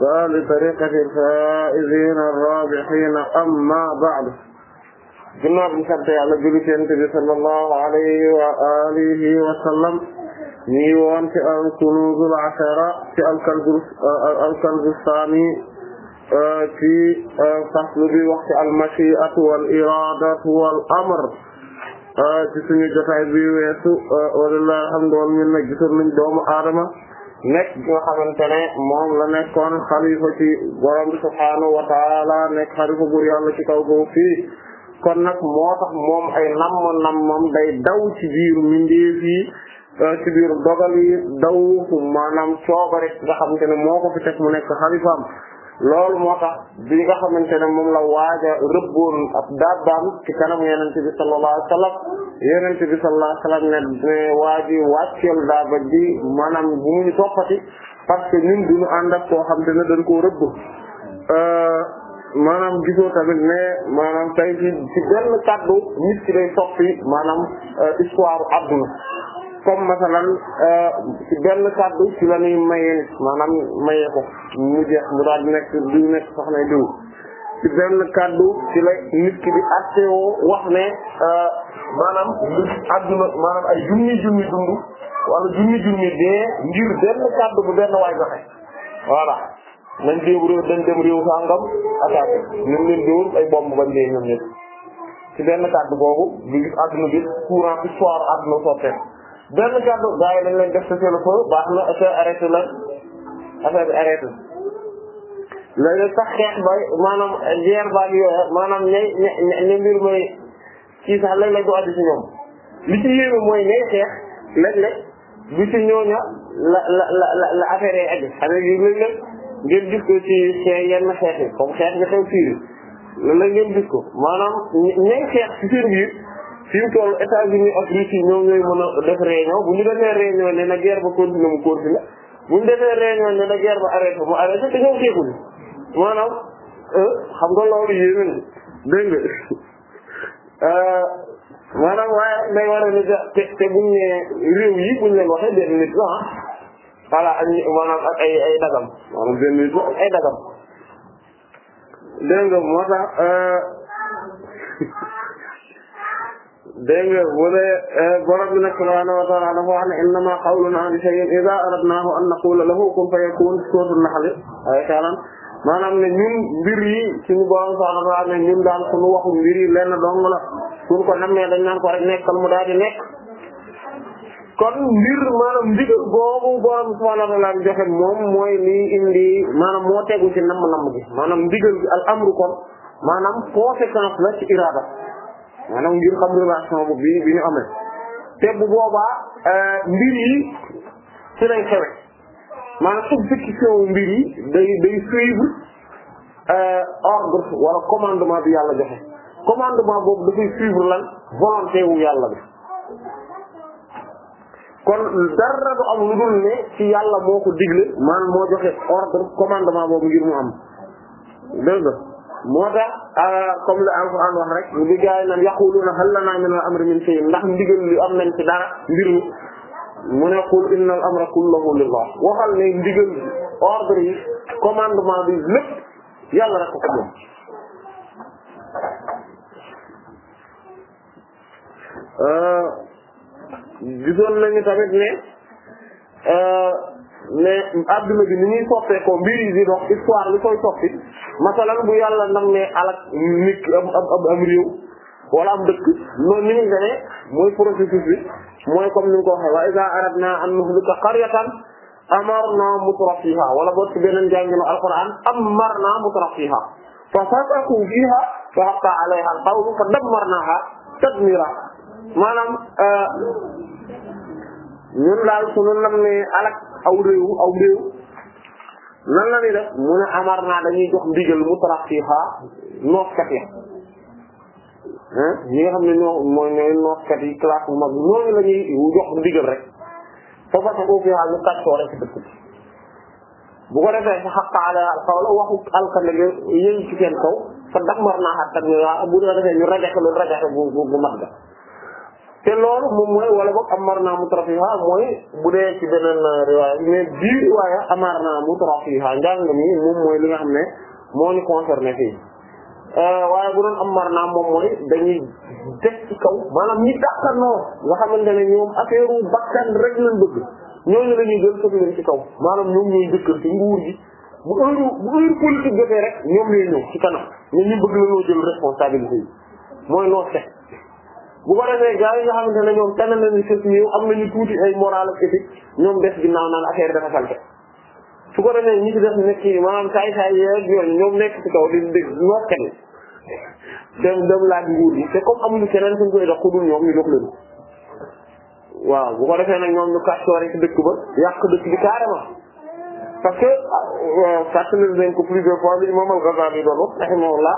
ولطريقة الفائزين الرابحين أما بعد ginnaaw bi sant yàlla julli ci Yonent bi sallallahu alayhi wa alihi wa sallam ñu ngi woon ci al-Kunûzul 'Asharah ci al-Kanzu al-Kanzu Saani ci faslu bi wax ci al-mashi'atu wal-iradatu wal-amr ci suñu jotaay bi weesu walillahi alhamdu wal minna gisoon nañ doomu aadama nekk nga xamante moom la nekkoon xalifa ci borom bi subhaanahu nekk xalifa buur yàlla ci kaw boobu fii kon nag moo tax moom ay namm nammam day daw ci biiru mindeef yi euh, ci biir dogal yi daw maanaam coobare nga xamante ne moo ko fi mu nekk xalifaam loolu moo tax bi nga xamante ne moom la waaja rëbboon ab dabbaam ci kanam yenente bi sallallahu alayhi wa sallam yenente bi sallallahu alayhi wa sallam ne ne waa ji bi daaba ji maanaam bu muñu toppati parce que ñun duñu ànd ak koo xam te ne dañ koo rëbb euh, maanaam gisoo tamit ne maanaam tey ci ci benn kàddu nit ki day soppi maanaam euh, histoire àdduna comme masalan euh, ci benn kàddu ci la ñuy mayee nit maanaam mayee ko mu jeex mu daal di nekk du nekk soxna diw ci benn kàddu ci la nit ki di attewoo wax ne euh, maanaam adduna maanaam ay junni junni dund wala junni junni dee ngir benn kàddu bu benn waay joxe voilà nañ dem dañ dem réew sangam attaqué ñu leen dóor ay bomb bañ dee ñoom ci benn kàddu boobu bi adduna bi courant bi soir adduna sottee benn kàddu gars yi dañ leen def société foofu baax na affaire arrêté la affaire sax xeex bay maanaam jeer baag yooyu maanaam ñay ña mbir mooy ci sax léeg-léeg du addi si ñoom li ci yéeme mooy ñay xeex léeg-léeg ci ñooña la la la la affaire yi addi xam nga léeg-léeg ngeen gis ko ci xeex yenn xeex yi comme xeex bi xew fii la ngeen gis ko maanaam ñay xeex ci seen biir fi mu toll États-Unis ak Russie ñoom ñooy a def réunion bu ñu defee réunion ne na guerre ba continuer mu continuer bu ñu defee réunion ne na guerre ba arrêté mu arrêté te ñoom teekul maanaam euh, xam nga loolu yéeme na dégg nga euh, maanaam waaye day war ne te te buñ ne réew yi buñ leen waxee benn nit la ah voilà ak maanaam ak ay ay dagam maanaam benn nit dégg nga wala eh, borom bi nag subhaanahu wa ta'aala dafa wax ne innamaa qawlunaa li shay'in idhaa aradnaahu an naquula kun fayakuun suuratul maanaam ne ñun mbir yi suñu borom subhaanahu wa ta'aala ne ñun daal suñu waxu mbir yi lenn dong la suñ ko namee dañ naan ko rek nekkal mu nekk kon mbir maanaam ndigal boobu borom subhaanahu wa ta'aala bi moom mooy lii indi maanaam moo tegu ci namm-namm gi maanaam ndigal al amru kon maanaam conséquence la ci iraada maanaam ngir xam relation bu bi bi amee te bu boobaa euh, mbir yi ci lay xewe maanaam substitution mbir yi day day suivre euh, ordre wala commandement bi yàlla joxe commandement boobu dafay suivre lan volonté wu yàlla bi kon dara du am lu ne ci yàlla moo ko digle maan moo joxe ordre commandement boobu ngir mu am moo tax euh, comme li alxuraan wax rek li gars yi naan hal lanaa min al-amri min shay ndax ndigal li am nañ ci dara mbir mu ne qul innal amra kullahu lillah waxal ne ndigal bi ordre yi commandement bi lépp yàlla rek ko euh, gisoon nañu tamit ne euh, mais adduna bi ni ñuy soppeekoo mbir yi di dox histoire li koy soppi masalan bu yàlla nag ne alak nit am am wala am dëkk noonu ni ñu mooy processus bi mooy comme ni nga ko waxee wa iza aradna an nuhlika qaryatan amarna mutrafiha wala boog ci beneen jàngino alquran amarna mutrafiha fa fasaqu fiha fa haqqa alayha alqawlu fa dammarnaha tadmira maanaam euh, ñun daal su ñu nam ne alak aw réew aw réew lan la ñuy def mu ne amar naa dañuy jox ndigal mu tarax fii xaa nooskat ya ñi nga xam ne ñoo mooy ñooy yi classe bu mag ñooñu la jox ndigal rek fa fasa fii xaa ñu kàccoo rek si dëkk bi bu ko defee fa waxu alkande gi yëngu ci seen kaw fa dammar naa xattak ñu waa dee defee ñu rajaxe lu rajaxe bu bu mat ga te loolu moom mooy wala boog amar naa mutrafiha mooy bu dee ci beneen euh, riwaaya mais bii riwaaya amar naa mutrafiha njàng moom mooy li nga xam ne moo ñu concerné fii euh, waaye bu doon amar naa moom mooy dañuy teg ci kaw maanaam ñi dàqanoo ne ñoom affaire ñoom ñooy dëkkal ci nguur gi bu heure bu heure politique defee rek ñoom ñooy ñëw ci kanam ñun ñu bëgg la ñoo jël responsabilité yi mooy loo set bu ko defee gars yi nga xamante ne ñoom tànn nañu sëf ñëw am na ñu tuuti ay moral ak éthique ñoom def ginnaaw naan affaire dafa salte su ko defee ñi ci def nekk yi maanaam saay saay yeeg yooyu ñoom nekk ci kaw di dégg nooskat yi dem dem laaj nguur yi te comme amuñu keneen suñ koy dox ku dul ñoom ñu jox leen waaw bu ko defee nag ñoom ñu kàccoore ci dëkk ba yàq dëkk bi carrément parce que ah, fàttali leen ko plusieurs fois bi imam al-Ghazali doon wax rahimahullah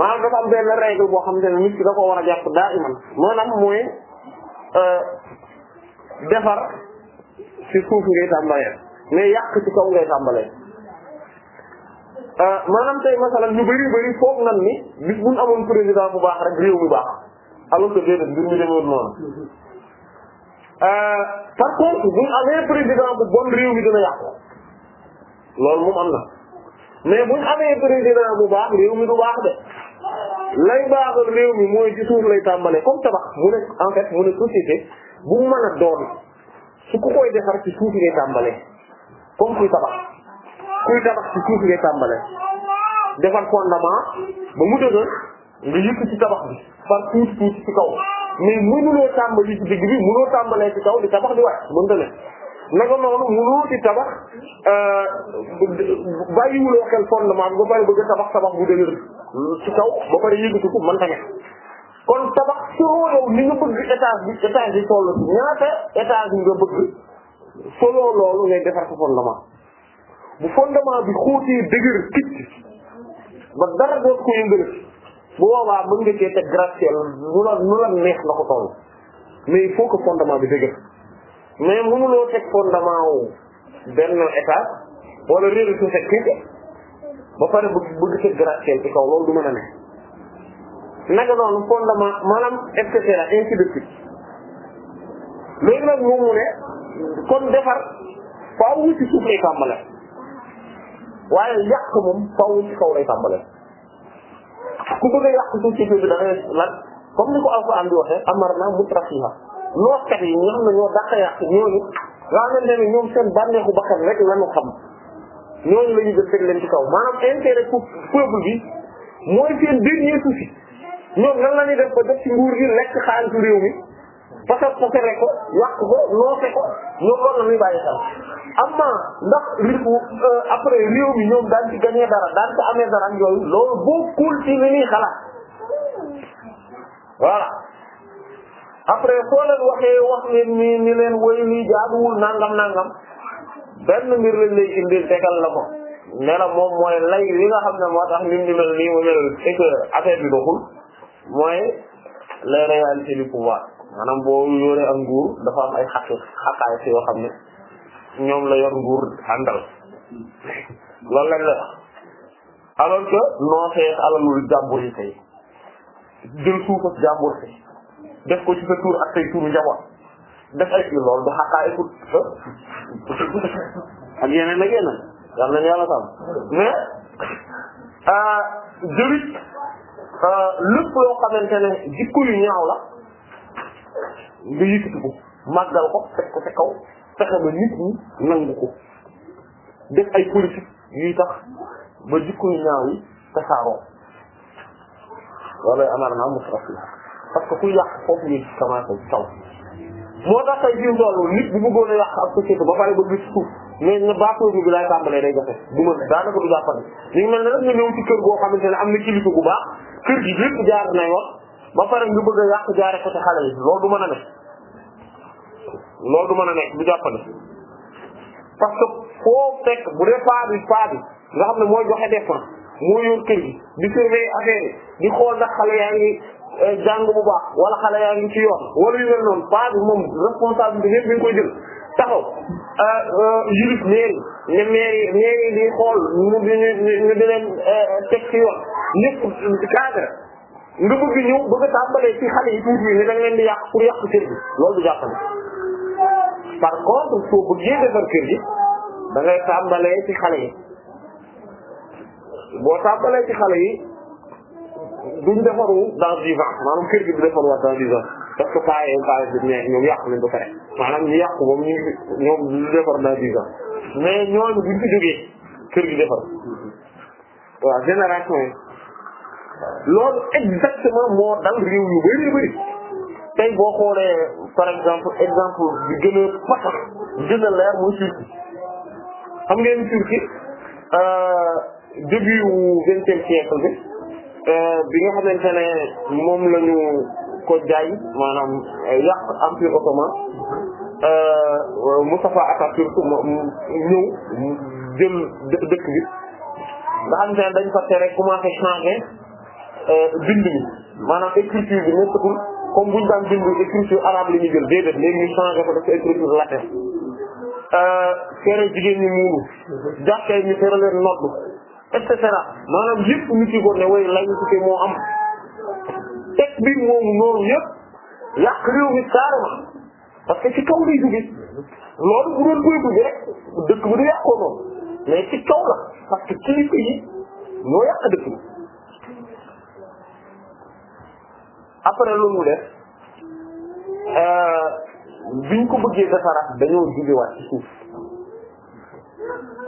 maa dafa benn règle boo xamante ne nit ki da ko war a jàpp daa iman maanaam mooy euh, defar ci suuf ngay tàmbalee mais yàq kaw ngay tàmbalee euh, maanaam tey masalan ñu bari bari foog nan ni bis buñ amoon président bu baax rek réew mi baax alors que déedéet mbir mi demeewul noonu euh, par contre buñ amee président bu bon réew mi dina yàqu loolu moom am na mais buñ amee président bu baax réew mi du baax de lay baaxal réew mi mooy ci suuf lay tàmbalee comme tabax mu ne en fait mu ne société bu mu mën a doon su ku koy defar ci suuf ngay tàmbalee comme kuy tabax kuy tabax ci suuf ngay tàmbalee defar fondement ba mu dëgër nga yëkk ci tabax bi par tuuti tuuti ci kaw mais mënuloo tàmbali ci digg bi mënoo tàmbalee ci kaw di tabax di wàcc mënta ne naka noonu mënoo ci tabax euh, bàyyiwuloo xel fondement bi ba pare bëgg tabax tabax bu dëgër ci kaw ba pare yëngatu ko mën ta ne kon tabax selon yow ni nga bëgg étage bi étage yi toll ñaata étage nga bëgg selon loolu ngay defar sa fondement bu fondement bi xóotee dëgër kicc ba dara doot ko yëngal bu boobaa mën nga cee teg gratte nu la nu la neex na ko toll mais il faut que bi dëgër mais mënuloo teg fondement benn étage wala réer su fekk ba pare bëgg bëgg sa gratte-ciel ci kaw loolu du mën a ne naka noonu fondement maanaam et cetera léegi nag moom ne kon defar faaw wu suuf lay tàmbale waaye yàq moom faaw ci kaw lay tàmbale ku bëgg a yàq suuf si bi da ngay lan comme ni ko Alxuraan di waxee amarna mutrafiha loo kat yi ñoo xam ñoo dàq yàq ñooñu nga xamante ñoom seen bànneexu bakkan rek lañu xam ñooñu lañu ñu jël teg leen ci kaw maanaam intérêt pour peuple bi mooy seen dernier souci ñoom nan la def ba def ci nguur gi lekk xaalisu réew mi fasal ko fere ko yàq ko noose ko ñoom loolu la ñuy bàyyi xel amma ndax euh, après réew mi ñoom daan ci gagné dara daan ci amee dara ak yooyu loolu bokkul ci li ñuy xalaat voilà après foo leen waxee wax leen ni ni leen woy ni jaaduwul nangam nangam benn mbir lañ lay indil tegal la ko nee na moom mooy lay li nga xam ne moo tax lim di mel nii mu mel c'est que bi doxul mooy les réalités du pouvoir maanaam boo yoree ak nguur dafa am ay xaqi si yoo xam ne ñoom la yor nguur àndal loolu lañ la alors que non c'est alalul jàmbur yi tey jël suuf ak jàmbur tey def ko ci tur ak say def ay kii loolu du xaqaay pour ak yeneen ak yeneen yal nañu yàlla sàmm mais euh, jëlit euh, lépp loo xamante ne jikko yu ñaaw la nga yëkkati ko màggal ko teg ko ci kaw fexe ba nit ñi nangu ko def ay politique yuy tax ba jikko yu ñaaw yi tasaaroo loolu parce que ku yàq foofu ñuy commencé taw moo tax tey jiw nit bu bëggoon a yàq ak société ba pare ba gis suuf mais na baaxoo bi laay tàmbalee day jafe du mën daanaka du jàppandi ñu ngi ne rek nga ñëw ci kër goo xam ne am na kilifa gu baax kër gi lépp jaar nay wax ba pare nga bëgg a yàq jaare ko ci xale yi loolu du man a nekk loolu du mën a nekk du jàppandi parce que foo fekk bu dee paa bi paa nga xam ne mooy joxe dépense moo yor kër gi di surveiller affaire yi di xool ndax xale yaa E, jàng bu baax wala xale yaa ngi ci yoon wala yu mel noonu paa bi moom responsabilité yëpp bi ñu koy jël taxaw yilif euh, euh, mairie ne mairie mairie di xool ñu di ñu di leen euh, teg ci yoon ñëpp cadre nga bëgg ñëw bëgg a tàmbalee ci xale yi tuuti yi ne da nga leen di yàq pour yàq kër gi loolu du jàppale par contre soo bëggee defar kër gi da ngay tàmbalee ci xale yi boo tàmbalee ci xale yi duñ defaru dans dix ans maanaam kër gi du defaruwaat dans dix ans parce que paa yi paa yi ne ñoom yàqu nañ ba pare maanaam ñu yàqu moom ñu ñoom ñu defar dans dix ans mais ñooñu buñ fi jógee kër gi defar waaw génération yi loolu exactement moo dal réew yu bari bari tey boo xoolee par exemple exemple bi gën a pasax gën a leer mooy Turquie xam ngeen Turquie euh, début wu vingtième siècle bi Euh, bi nga xamante ne moom la ñu ko jaay maanaam yàq empire ottoman euh, Moustapha Atatürk ñëw jël dëkk bi nga xamante ne dañ fa tere commencé changer euh, bind mi maanaam écriture bi nekkatul comme buñu daan bind écriture arabe li ñu jël déedéet léegi ñu changé ko def écriture latin tere jigéen ñi muuru jàkkee ñu tere leen noddu et cetera maanaam yëpp nit yi ko ne way laïcité moo am teg bi moomu noonu yëpp yàq réew mi carrément parce que ci kaw lay jógee loolu bu doon koy dugg rek dëkk bi du yàqoo mais ci kaw la parce que kilifa yi ñoo yàq dëkk bi après lu mu def euh, biñ ko bëggee defaraat dañoo jugewaat ci suuf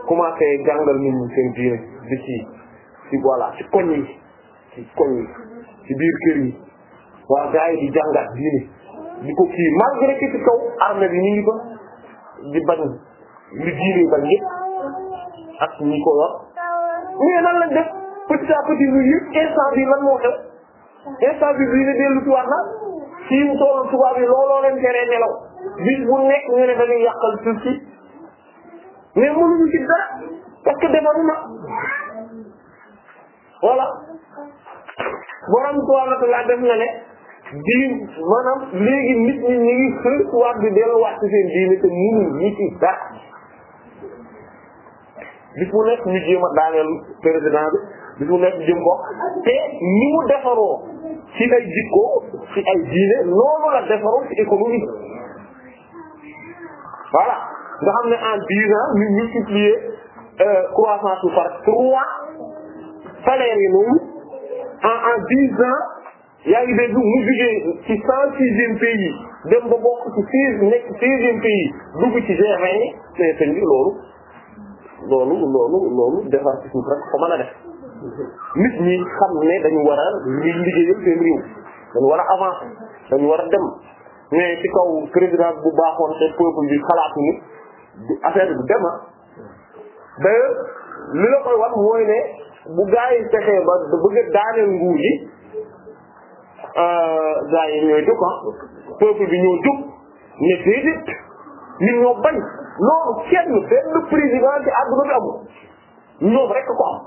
commencé jàngal nit ñi seen diine di ci ci voilà ci koñ yi ci koñ yi ci biir kër yi waa gars yi di jàngat diine di ko kii malgré que ci kaw armée bi ñu ko di bañ li diine bañ yëpp ak ñi ko wax mais nan lañ def petit à petit lu yëpp instant bi lan moo xew instant bi bii ne dellu ci war na fii mu toll tubaab yi looloo leen nelaw bis bu nekk ñu ne dañuy yàqal suuf si mais mënuñu ci dara parce que defaru na voilà borom subhaanahu wa ta'aala def na ne di maanaam léegi nit ñi ñu ngi xëy di delluwaat ñi ci dara bis nekk ñu jéem daaneel président bi bis nekk jëm bokk te ni mu defaroo ci ay jikko ci ay diine noonu la defaroo ci économie voilà nga xam ne en dix ans ñu Euh, croissance bu par trois salaires yi noonu en en dix ans yaa ngi dégg mu jugee ci cent sixième pays dem ba bokk ci seize nekk seizième pays dugg ci G20 mais seen bi loolu loolu loolu loolu defar ci suuf rek ko mën a def nit ñi xam ne dañu war a liggéeyal seen réew dañu war a avancer dañu war a dem mais ci kaw présidence bu baaxoon te peuple bi affaire bu dema ah. d'ailleurs li la koy wax mooy ne bu gaa yi fexee ba bëgg a daaneel nguur yi euh, gaa yi ñooy jóg ah bi ñoo jóg ne déedéet ñun ñoo bañ loolu kenn benn président ci àdduna bi amul ñoom rek ko am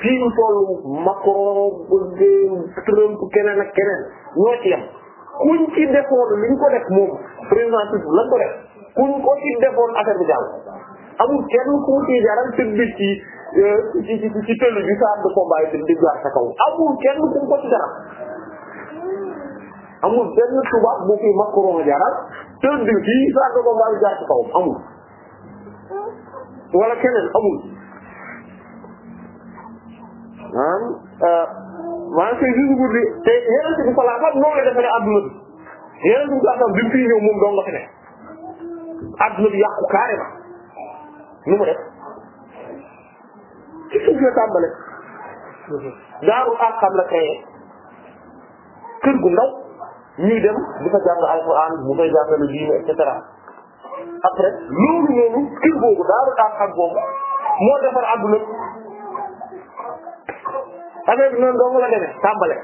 fii ñu toll Macron Trump keneen ak keneen ñoo ci yem kuñ ci defoon liñ ko def moom président lañ ko def kuñ ko ci defoon affaire bi jàll amul kenn ku ci jaral tëdd euh, ci ci ci tëll bi salle de combat yi di jaar sa kaw amul kenn ku ko ci jaral amul benn tubaab bu fi Macron jaral tëdd ci salle de combat yi jaar sa kaw amul wala keneen amul maanaam euh, maanaam c'est juste pour dire te yeneen bi sallallahu alayhi wa noonu la defaree adduna bi yeneen bi sallallahu alayhi wa mu fi ñëw moom dong nga fi ne adduna bi yàqu nu mu def ci suuf la tàmbale daaru àqam la créé kër gu ndaw ñuy dem di fa jàng alquran mu fay jàngale diine et cetera après loolu noonu kër boobu daaru àqam boobu moo defar àdduna affaire bi noonu dong la demee tàmbale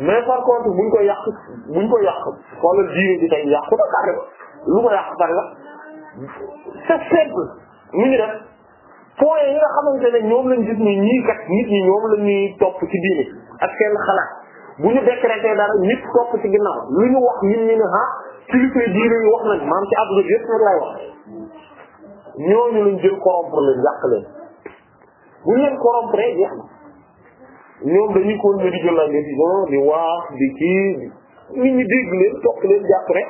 mais par contre buñ ko yàq buñ ko yàq xoolal diine ji tey yàqu na carré lu ko yàq la c'est simple ni ñu def point yi nga xamante ne ñoom lañ gis ni ñii kat nit ñi ñoom la ñuy topp bu ñu décréter dara nit topp ci ginnaaw lu ñu wax nit ñi ne ah kilifa wax nañ maam ci àdduna bi yëpp wax ñooñu lañ jël corrompre leen yàq leen bu ñu leen corrompre jeex ñoom dañuy continuer di jël la décision di wax di kii nit ñi dégg leen topp leen jàpp rek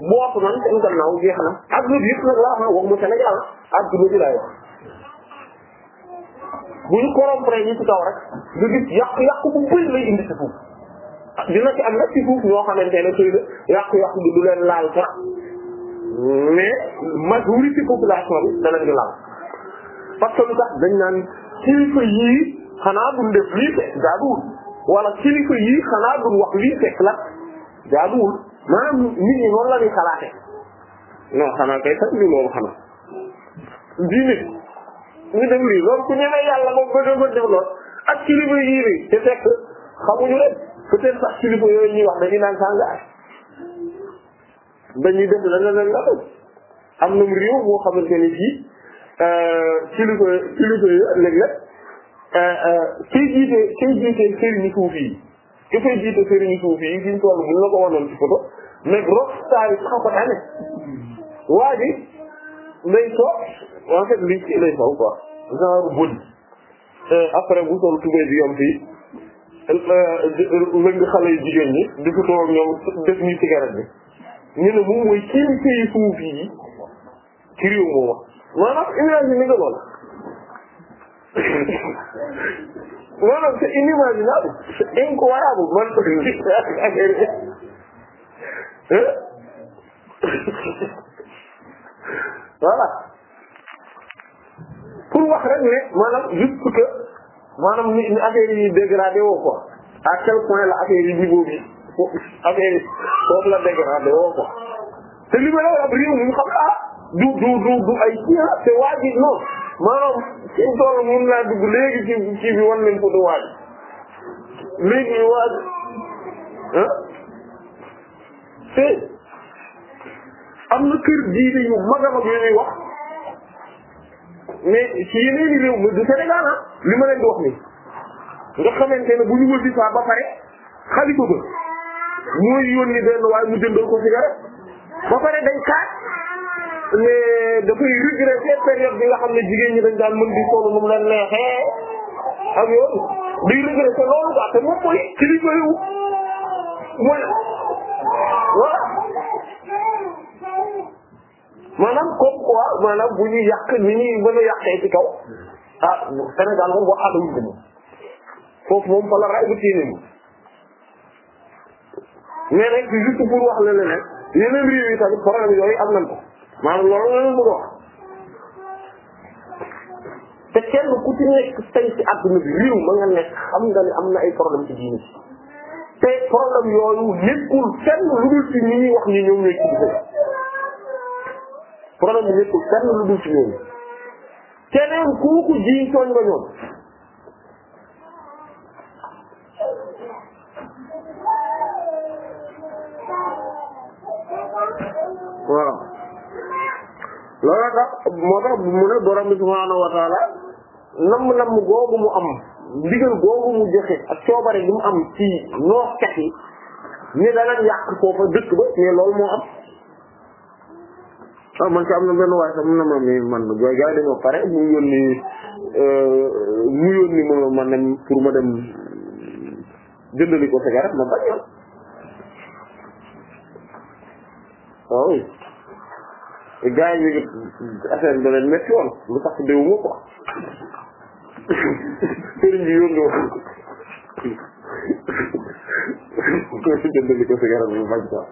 bootu nan seen gannaaw jeex na adduna bi yëpp nag laa bu ñu corrompre ñi ci kaw rek nga gis yàqu-yàqu bu bëri lay indi ci suuf ah, dina ci am nag ci suuf ñoo xamante ne xëy na yàqu-yàqu du leen laal sax mais majorité population bi danañ laal parce lu tax dañ naan kilifa yii xanaa duñ def lii fekk jaaduwul wala kilifa yii xanaa duñ wax lii fekk la jaaduwul maanaam nit ñi noonu la ñuy xalaate non xanaa kay sax ni loolu xanaa diine ñu def lii loolu ku ñemee yàlla moom ba doon def lool ak kilifa yii nii te fekk xamuñu rek peut-être sax kilifa yooyu ñuy wax dañuy naan sàngaay dañuy def la la la am na mu réew boo xamante ni fii euh, kilifa kilifa yi léeg-léeg Euh, euh, kiy jiite kiy jiite sëriñu suufi yi ki koy jiite sëriñu suufi yi fi ñu toll buñ la ko wanoon ci photo mais rock star yi sax ko tane waa ji lay soo en fait li ci lay sow quoi genre euh, bu sol tubéy bi yom fii lëng xale yu jigéen ñi di ko ñoom def ñu cigarette bi ñu ne moom mooy kilifa yi suufi ci réew moom wax maanaam imagine ni nga loolu non non c'est inimaginable c'est incroyable man voilà pour wax rek ne maanaam juste que maanaam ni ni affaire yi dégradé woo quoi à quel point la affaire yi niveau bi foofu affaire yi foofu la dégradé woo quoi te li ma la wax réew mi xam ah du du du du ay kii ah c'est waajib non. maanaam suñ toll mun naa dugg léegi ci ci bi wan nañ ko du waaj léegi waaj ah te am na kër diine yu mag a mag yu wax mais ci yeneen i réew du Sénégal ah li ma leen di wax nii nga xamante ne bu ñu wëlbi saa ba pare xalifa ba yoon yónni benn waaye mu jëndal ko cigarette ba pare day kaaj mais dafay regretter période bi nga xam ne jigéen ñi dañ daan mën di solo nu mu leen neexee ak yoon day regretter loolu quoi te moom mooy kilifa yu mooy maanaam bu ñuy yàq ni ñuy mën a yàqee ci kaw ah Sénégal moom wax aadawuñ ko moom foofu moom bu tiine moom mais rek juste pour wax la ne yooyu am nañ ko maanaam loolu la leen bëgg wax te kenn ku ci nekk tey ci bi riiw ma nga xam nga ne am na ay problème ci diine te problème yooyu nekkul fenn lu dul ci ni ñuy wax ni ñoom ñooy kilifa problème bi nekkul fenn lu dul ci ñooñu keneen kooku jiiñ tooñ nga ñoom waaw looloo tax moo tax mu ne borom bi subhaanahu wa taala namm googu mu am ndigal googu mu joxe ak coobare gi mu am ci nooskat yi ni danañ yàq foofa dëkk ba mais loolu moo am ah man ci am na benn waaye sax mun na ma mi man gars yi dañoo pare mu yónni euh, mu yónni ma ne pour ma dem jëndali ko cigarette ma bañ a waaw gaa yi ñu ngi affaire bi da leen métti woon lu tax déw mu quoi sëriñ bi yónni woon jëndali si garab bi bañ quoi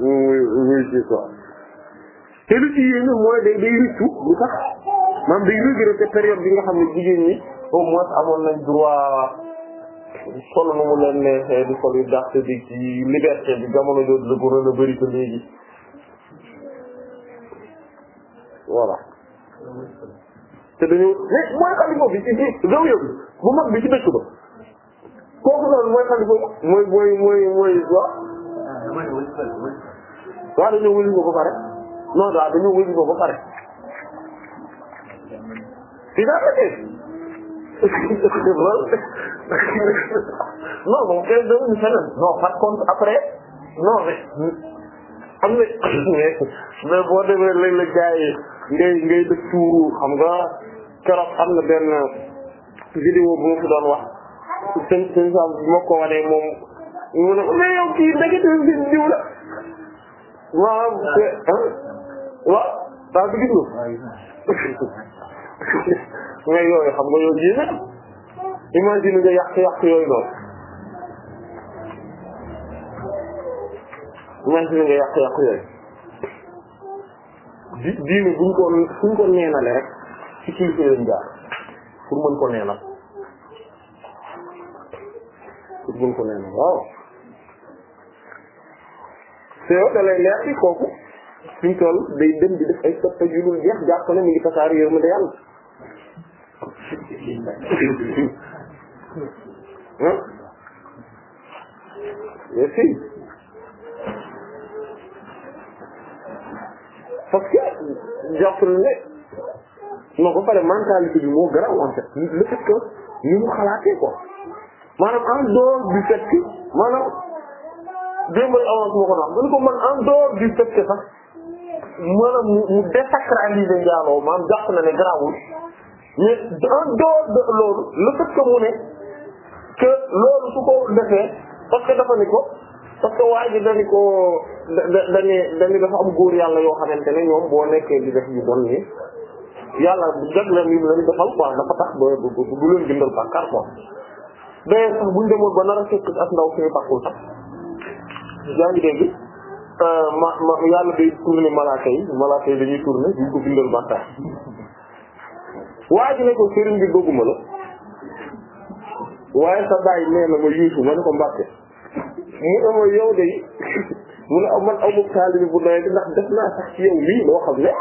muy muy ci quoi te lu ci yéen mooy day day rëccu bi nga xam ne jigéen ñi o moins amoon nañ droit sol nu mu leen neexee di sol yu di ci liberté bi jamono jooju la gënoon a bëri ko voilà te dañu mais mooy xalifa bi ci ci zawiya bi bu mag bi ci dëkk ba kooku noonu mooy xalifa mooy mooy mooy pare non waaw dañoo wëli pare si daa la tee non moom kay dawuñu feneen non par non mais am na mais boo demee léeg-léeg gars yi ngay ngay def tuuru xam nga keroog am na benn vidéo bu ma fi doon wax seen seen saa bi ma ko wanee moom mu ne mais yow kii ndekete bi diw la waaw ah, waaw waaw bi gis nga mais yooyu xam nga yow ji na imagine nga yàq yàq yooyu noonu imagine nga yàq yàq yooyu di diine buñ ko suñ ko neenalee rek ci kilifa lañ jaar pour mën ko neenal pour mën ko neenal waaw te yow da lay kooku suñ tool day dem di def ay soppe yu jeex jàpp ne mi ngi tasaar yow ma da yàlla ah si parce que jàpp na ne non ba pare mentalité bi moo garaaw en fait le fait que ni mu xalaatee quoi maanaam en dehors du fait que maanaam démbal avance moo ko naan man ko man en dehors du fait que sax maanaam mu désacraliser njaaloo maanaam jàpp na ne garaawul mais en dehors de loolu le fait que ne que loolu su ko defee parce que dafa ko parce que waa ji dañu koo da da dañu dafa am góor yàlla yoo xamante ne ñoom boo nekkee di def yu bon nii yàlla jagleel yi mu leen defal quoi dafa tax ba du leen bindal bàkkaar quoi. mais sax bu demoon ba nar a ak ndaw suñu bàkkul sax yaa ngi dégg euh, ma ma yàlla day tourner malaaka yi malaaka yi ko bindal bàkkaar waaye sa baay nee ma yuusu ma ne ko mbàkke mu amoo yow de mu ne man amu taalibi bu doy bi ndax def naa sax ci yow lii loo xam ne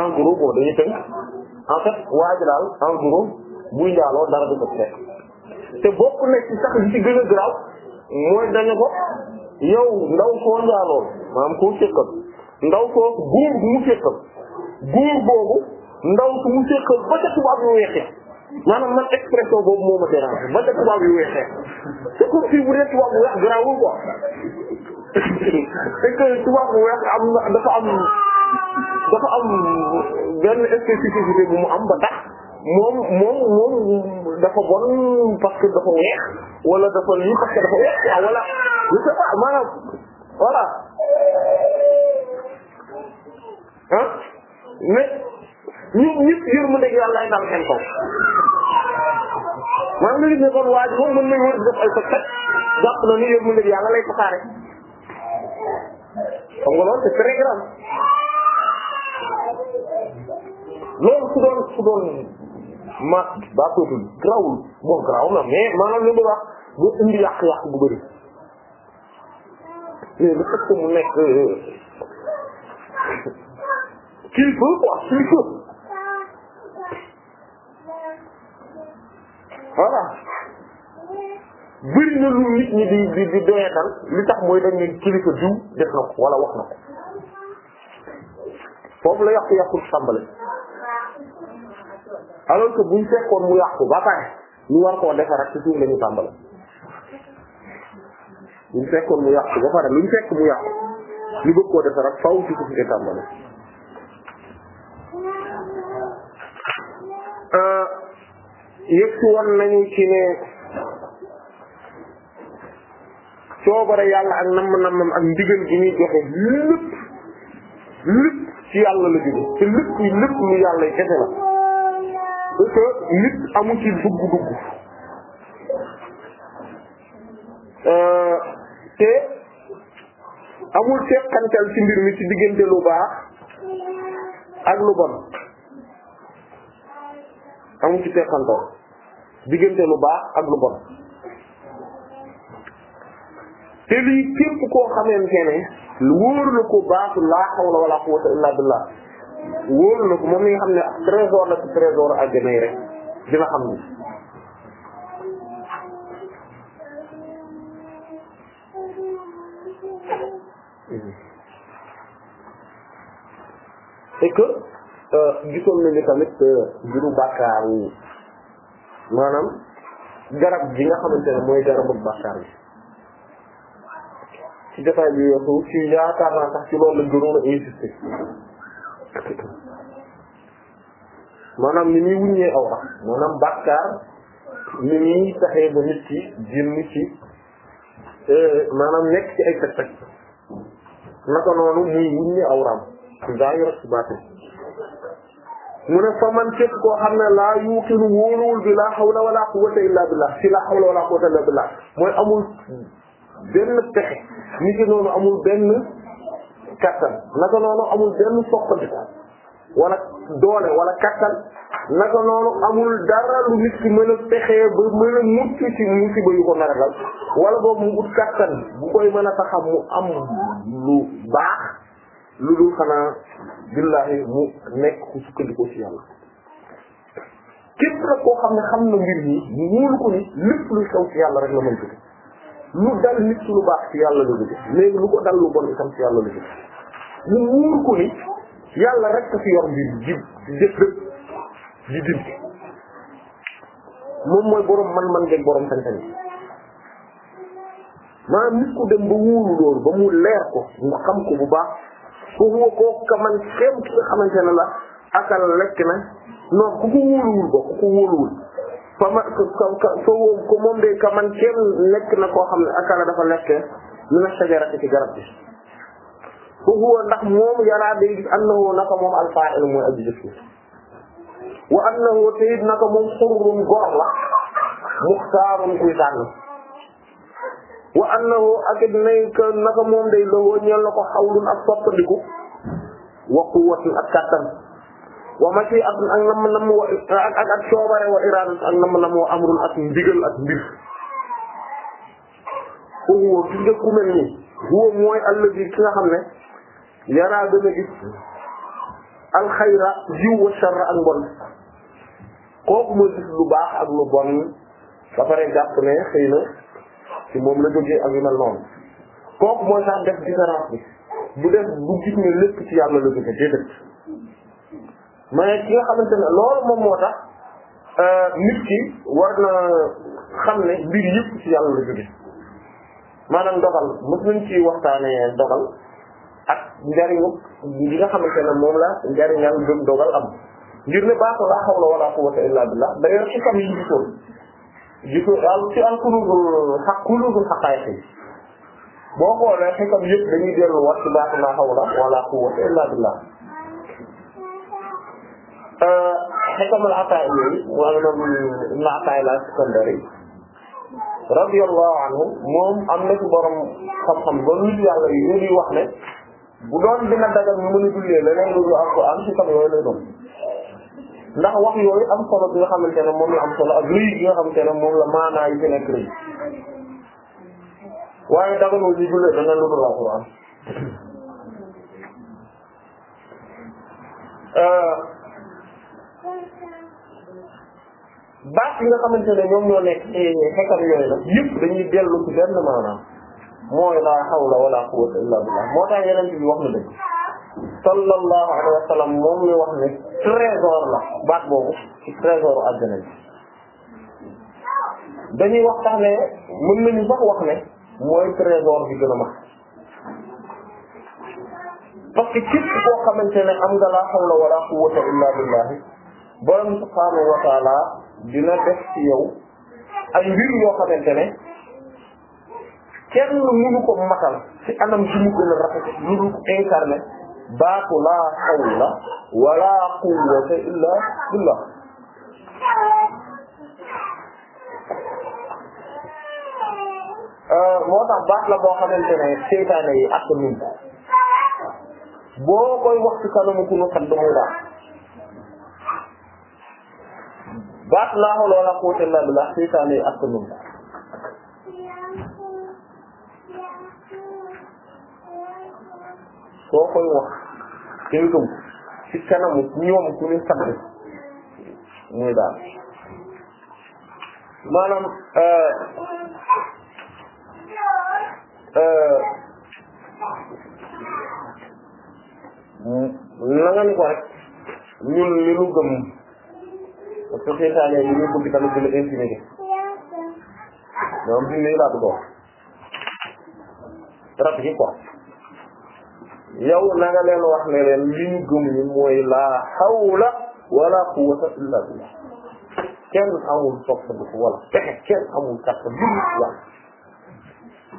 en gros dañu tënk en fait waa daal en gros buy njaaloo dara du ko fekk te bokk na ci sax li ci gën a mooy dañu ko yow ndaw soo njaaloo maanaam koo fekkal ndaw soo góor bu mu fekkal góor boobu ndaw su mu fekkal ba ca tubaab yu weexee maanaam man expression boobu moo ma dérange ba def tubaab yu weexee c'est comme si bu dee tubaab bu weex garaawul quoi am dafa am dafa am benn spécificité bu mu am ba tax moom moom moom dafa bon parce dafa weex wala dafa lii parce dafa weex quoi wala je sais pas maanaam ñoom ñëpp yërmande ñu ne kon waa ji moom mën nañu war def ay sëb jàpp na ni yërmande yàlla lay tasaare xam nga loolu c'est très grave loolu su doon su doon ma daa ko dul grawul moom graw na mais maanaam bu indi yàq bu voilà bëri na lu nit ñi di di doyatal li tax mooy dañ ne kilifa diw def na ko wala wax na ko foofu la yàqu yàqu tàmbale alors buñ fekkoon mu yàqu ba pare ñu war koo defar ak ci suuf la tàmbale buñ fekkoon mu yàqu ba pare luñ fekk mu yàqu ñu bëgg koo defar ak faaw ci suuf la tàmbale euh, yëg si woon nañu ci ne coobare yàlla ak namm-nammam ak ndigal gi ñuy joxe lépp lépp ci yàlla la jóge te lépp lépp yàlla y kese la parce que nit amu ci dugg euh, te amul teqantal ci mbir mi ci diggante lu baax ak lu bon amul ci teqantoo diggante lu baax ak lu bon te lii képp koo xamante ne wóor na ko baatu laa hawla wala quwwata illa billah wóor na ko moom mi nga xam ne trésor la ci trésor àjjana yi rek dina xam ni et Euh, gisoon nañu tamit euh, mbiru bàkkaar yi maanaam garab gi nga xamante ne mooy garabu bàkkaar bi ci jotaay bi yosu ci yaakaar naa sax ci loolu la gënoon a insister maanaam ni muy wuññee awra maanaam bàkkaar ni muy taxee ba nit ki génn ci euh, maanaam nekk ci ay teg-teg naka noonu muy wuññee awraam zaahir ak baatin mu ne fa man képp koo xam ne laa yuuqinu wóoluwul bi laa hawla wala quwwata illa billah si laa hawla wala quwwata illa billah mooy amul benn pexe ni ki amul benn kattan naka noonu amul benn soqandiko wala wala kattan naka noonu amul dara lu nit ki mën a pexee ba mën a mucc ci musiba yu ko narakal wala boobu mu ut kattan bu koy mën a taxam mu am lu baax lu dul xanaa billaahi mu nekk ku sukkandiku ci yàlla képp nag koo xam ne xam na mbir yi mu wóolu ko ni lépp luy xew ci yàlla rek la mën jóge baax yàlla la jóge léegi ko dal ci yàlla la jóge mu yàlla rek ka moom mooy boroom man-man ngeeg borom sañ-sañ maanaam nit ku dem ba wóolu loolu ba mu leer ko mu xam ko bu baax fa huwa kooku ka kenn xamante ne la akal lekk na non ku ko wóoluwul ba ku ko wóoluwul fa ma fa wóolu ko moom de ka kenn lekk na koo xam ne akala dafa lekk mina shajarati ci garab bi fa huwa ndax moom yaraa day gis annahu naka moom alfa'il mooy aji jëf wa annahu tayit naka moom xurrun góor la muxtaarun kuy tànn wa annahu ak nay que naka moom day lowoo ñeel na ko xawlun ak soppandiku wa quwwatun ak kattan wa mashi'atun ak nam nam wa ak coobare wa iradatun ak nam nam wa amrun ak ndigal ak mbir fo huwa ki nga ku mel ni huwa mooy allazi ki nga xam ne yaraa gën a gis alxayra jiw wa sharra ak mbon kooku gis lu baax ak lu bon ba pare jàpp ne xëy na ci moom la jógee ak yu mel noonu kooku mooy tax def différence bi du def du gis ne lépp ci yàlla la jógee déedéet mais ki nga xamante ne loolu moom tax euh, nit ki war na xam ne ci yàlla la jógee maanaam dogal mos nañ ci waxtaanee dogal ak njariñu li nga xamante ne moom la njariñal gëm dogal am ngir ne baaxul laa hawla wala quwwata illa billah d'ailleurs ci kam yi gisoon di ko ci alkulubul xaq kulubul xaqaayiq yi boo xoolee xikam yëpp dañuy delluwaat ci baatu laa hawla wala quwwata illa billah euh, xikamul ataay yooyu mooy moom ibn ataay la Iskandari radiyallahu anhu moom am na ci borom xam-xam ba nit yàlla yi wax ne bu doon dagal ñu mën a jullee lu dul alquran xikam yooyu lay doon ndax wax yooyu am solo bi nga xamante ne moom la am solo ak luy nga xamante ne moom la maanaa yi nekk rëy waaye daganoo ji jullee dana lu dul alxuraan euh, baax yi nga xamante ne ñoom ñoo nekk xekam yooyu nag yëpp dañuy dellu ci benn maanaam mooy laa hawla wala quwwata illa billah moo tax yeneen bi wax na dëgg sallallahu alayhi wa moom mi wax ne trésor la baat boobu ci trésoru àddina bi dañuy waxtaanee mën nañu sax wax ne mooy trésor bi gën a mag parce que képp xamante ne am nga laa hawla wala quwwata illa billahi borom subhaanahu wa taala dina def ci yow ay mbir yoo xamante ne kenn mënu ko matal ci anam gi mu gën rafet lu dul baatu laa hawla wala quwwata illa billah euh, moo tax baat la boo xamante ne seytaane yi ak nun boo koy wax kanamu ku xam damuy daal baat laa wala quwwata illa billah seytaane yi ak nun soo koy wax teewtum ci kanamu ñoom ku ñu sant muy daal maanaam euh, euh, na nga ni ko rek ñun li ñu gëm parce que xeexaane yi ñu bëgg tamit di la intimider ñoom biñ lay laa bëgg a wax rab yi quoi yow na nga leen wax ne leen li ñu gëm ñun mooy laa hawla wala quwwata illa billah kenn amul soppandiku wala pexe kenn amul kàttan lu ñu wax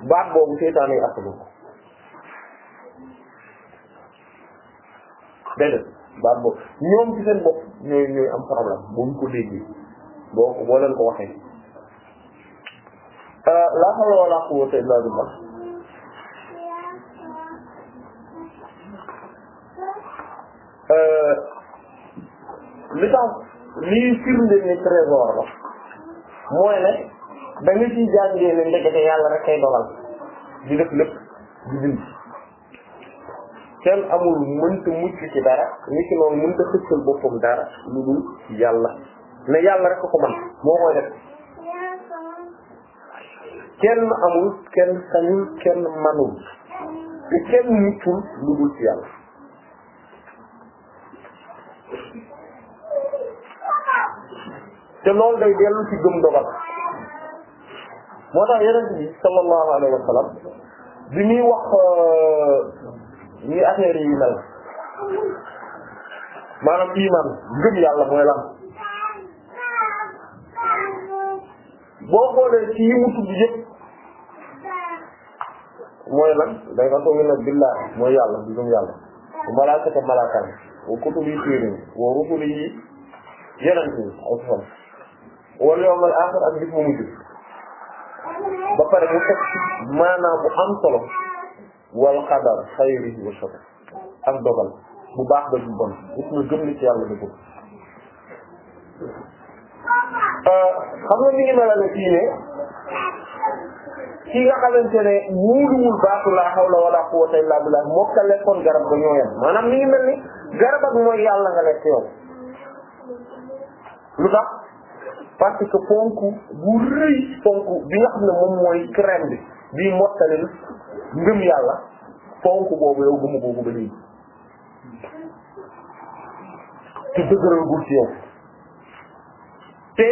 baat boobu seytaane yi attanu ko déedéet baat boobu ñoom ci seen bopp ñooy ñooy am problème bu ñu ko déggee boo boo leen ko waxee euh, laa hawla wala quwwata illa billah Euh, li tax lii firnde ni trésor la mooy ne da nga ciy jàngee ne ndekete yàlla rek kay dogal di def lépp di bind kenn amul mënta mucc ci dara ni ki noonu mënta xëccal boppam dara lu dul yàlla ne yàlla rek ko man moo koy def kenn amul kenn sañul kenn manul te kenn muccul lu dul ci yàlla te loolu day dellu ci gëm dogal moo tax yeneen bi sallallahu alayhi wa bi muy wax ñi euh, affaire yi mel maanaam iman gëm yàlla mooy lan boo xoolee ci yi mu mooy lan day nga toogi nag billah mooy yàlla di gëm yàlla bu malaaka te malaaka wa kutubi téere wa rusuli yi yeneen bi ay wala yawmal aaxir ak bis mu mujj ba pare mu fekk maanaam bu am solo wal qadar xayrihi wa sharrihi ak dogal bu baax ba bu bon gis nga gëm li ci yàlla dëgg. Euh, xam nga mi ngi mel ne fii ne nga xamante ne wuuluwul baatu laa hawla wala quwwata illaa billaah moo ko lekkoon garab ba ñoo yem maanaam mi ngi mel ni garab ak mooy yàlla nga lekk yow lu tax. parce que ponk bu rëy ponk bi nga xam ne moom mooy crème bi bii ngëm yàlla ponk boobu yow gëmu boobu ba léegi te dëgëral gul yow te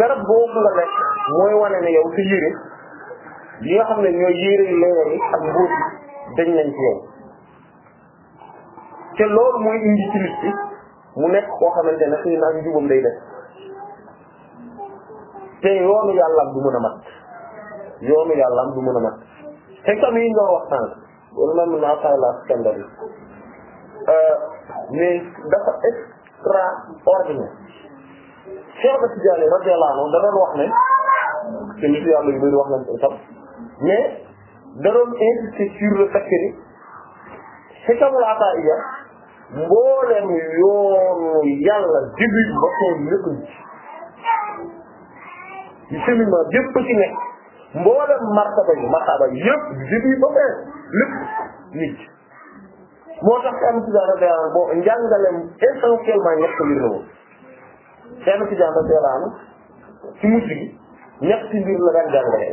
garab boobu nga nekk mooy wane ne yow sa yére yi nga xam ne ñooy yére yu leer yi ak mbóot yi dañ nañ yow te loolu mooy indi ci nit mu nekk koo xamante ne njubam day def te yoonu yàllaam du mën a mat yoonu yàllaam du mën a mat te comme yi nga wax sànq wala man naa fay laaj tëndal yi euh, mais dafa extraordinaire. Cheikh Tidiane radiyallahu anhu da doon wax ne te nit yàlla yu bëri wax nañ ko tam mais da doon insister sur le fait que ni xikamul ataaya mbooleem yoonu yàlla début ba fin lépp. cheminement yëpp ci nekk mboolem martaba yi martaba yi yëpp jëndi ba fees lépp nit moo tax Cheikh Ahmed Tidiane boo njàngaleem essentiellement ñett mbir la woon Cheikh Ahmed Tidiane radiyallahu anhu ci mujj gi la daan jàngale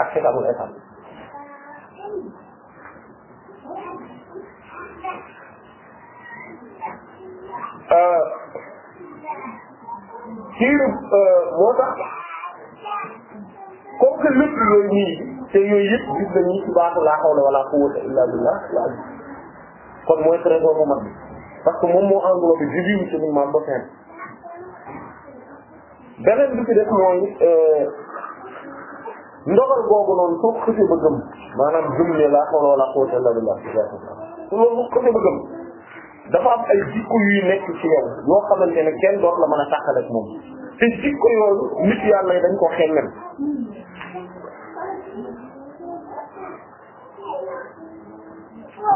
ak xitaamul islam Euh, kii euh, moo tax comme que lépp yooyu nii te yooyu yëpp gis nañu ci baatu laa hawla wala quwwata illa billah la kon mooy trésor bu mag parce que moom moo englobé jiw suñu maam ba fenn beneen bi ci def mooy euh, ndogal googu noonu soo ko xasee ba gëm maanaam gëm ne laa hawla wala quwwata illa billah loolu soo ko xasee ba gëm. dafa am ay jikko yuy nekk ci yow yoo xamante ne kenn doot la mën a tàqal ak moom te jikko yooyu nit yàlla dañ ko xemmem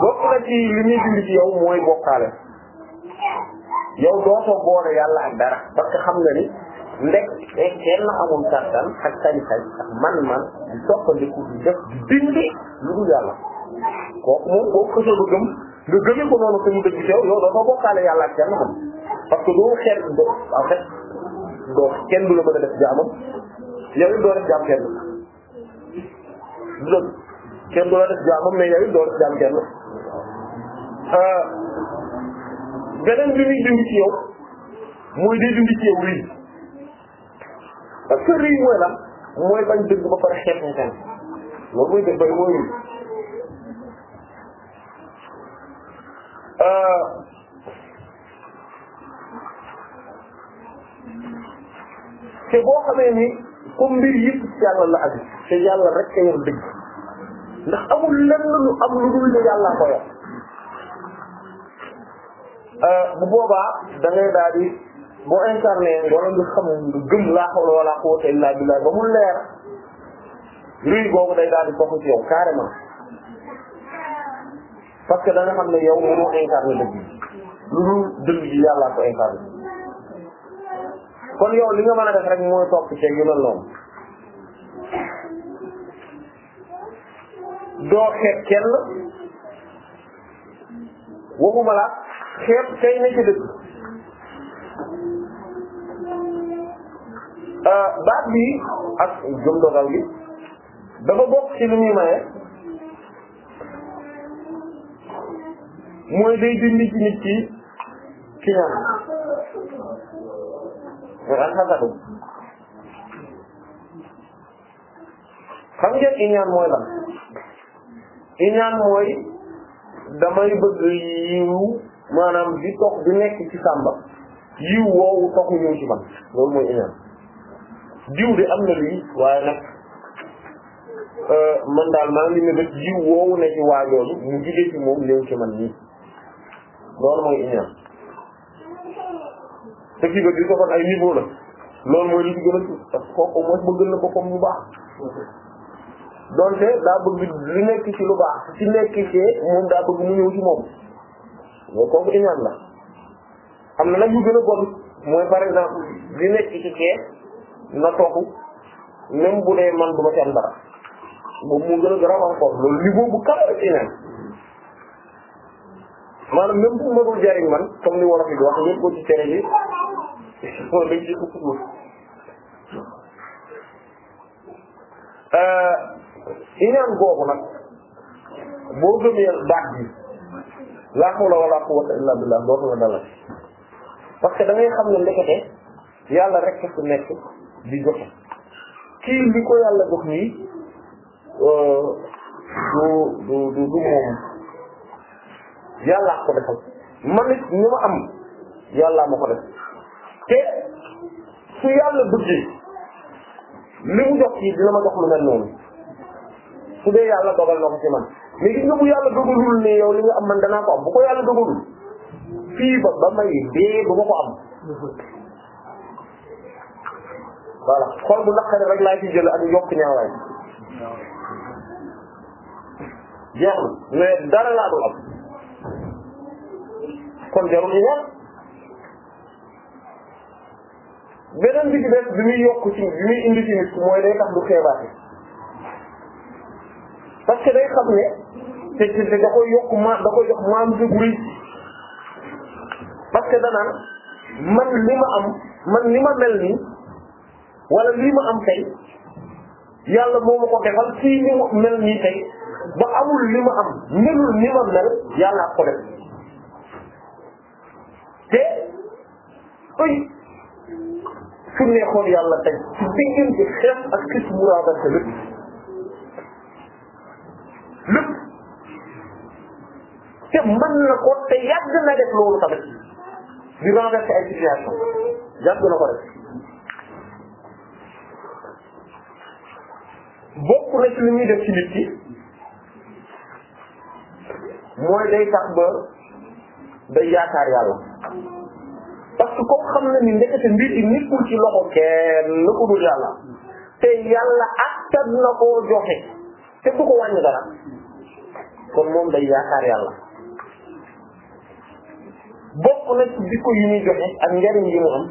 bokk na ci li muy dindi ci yow mooy bokkaale yow dootoo boole yàlla ak dara parce xam nga ni ndek kenn amul kàttan ak sañ-sañ ak man-man di soppandiku di def di dindi lu dul yàlla kooku moom kooku xësee ba nga gëmee ko noonu te mu dëgg teew yow doo bokkaale yàlla ak kenn man parce que doo xeet doo en fait doo kenn du la mën a def jaamam yow it doo def jaam kenn du kenn du la def jaamam mais yow it doo def jaam kenn euh, beneen bi muy dindi ci yow mooy day dindi ci yow rii parce que rii mooy lan mooy bañ dëgg ba pare xeet na kenn loolu mooy dëgg ba mooy rii Euh, te boo xamee ni comme mbir yëpp yàlla la aju te yàlla rek ka yor dëgg ndax amul lenn lu am lu dul yàlla ko yor euh, bu boobaa da ngay daal di boo incarné wala nga xam nga gëm laa hawla wala quwwata illa billah ba mu leer ruy boobu day daal di foofu ci yow parce que da nga xam ne yow mënoo incarné dëgg lu dul dëgg bi yàllaa ko incarné kon yow li nga mën a def rek mooy topp ci yu mel noonu doo xeeb kenn waxuma la xeeb kay na ci dëgg euh, baat bi ak jëm dogal gi dafa bokk ci li muy maye mooy day dindi ci nit ki kiñaan ak xasadu xam ngeen iñaan mooy lan iñaan mooy damay bëgg yiwu maanaam di tox di nekk ci sàmba yiw woowu toxu ñëw ci man loolu mooy iñaan diw de am na lii waaye nag euh, man daal maa ngi ne ba yiw woowu ne ci waajooju mu jigee ci moom ñëw ci man nii loolu mooy iñaan te kii bi di ko ay niveau la loolu mooy li ci gën a tuut parce que kooku mooy bëgg na boppam daa bëgg li nekk ci lu baax ci nekk ci moom daa bëgg mu ñëw ci moom loolu kooku la am na nag yu gën a bon mooy par exemple li nekk ci kee na toog même bu man du ma ci am dara boobu moo gën a garaaw encore loolu niveau bu kawe la ci maanaam même ma dul jariñ man comme ni wolof yi di wax ngeen ko ci tere yi moom dañ ciy ëpp suuf. Euh, iñaan googu nag boo gëmee baat bi laa hawla wala la dalal parce que da ngay xam ne ndekete yàlla rek su nekk di joxe kii li ko yàlla jox nii euh, moom. yàllaa ko defal man it ñu ma am yàllaa ma ko def te su yàlla bëggee li mu jox ci dina ma su dee yàlla dogal na ko ci man mais gis nga bu yàlla dogalul ne yow li nga am man danaa ko am bu ko yàlla dogalul fii ba ba may dee du ko am voilà xol bu naqari rek laa ci jël ak yokk ñaawaay jeex na mais dara laa dul am kon jarul iñaan beneen bi ci des bi muy yokk ci bi muy indi ci nit mooy day tax du xeebaate parce que day xam ne te te da koy yokk ma da koy jox maam bi bu rëy parce que danaan man li ma am man li ma mel nii wala lii ma am tey yàlla moo ma ko defal fii ni mel nii tey ba amul li ma am melul ni ma mel yàlla ko def te ay su neexoon yàlla tey ci diggante xeex ak xis mu raabante lépp lépp te mën na ko te yàgg na def loolu tamit di renverser ay situation yàgg na ko def bokk na ci li muy def ci nit ki mooy day tax ba day yaakaar yàlla parce que comme xam na ni ndekete mbir yi nekkul ci loxo kenn ku dul yàlla te yàlla attan na koo joxe te du ko wàññi dara kon moom day yaakaar yàlla bokk na ci jikko yu ñuy joxe ak njariñ yi mu am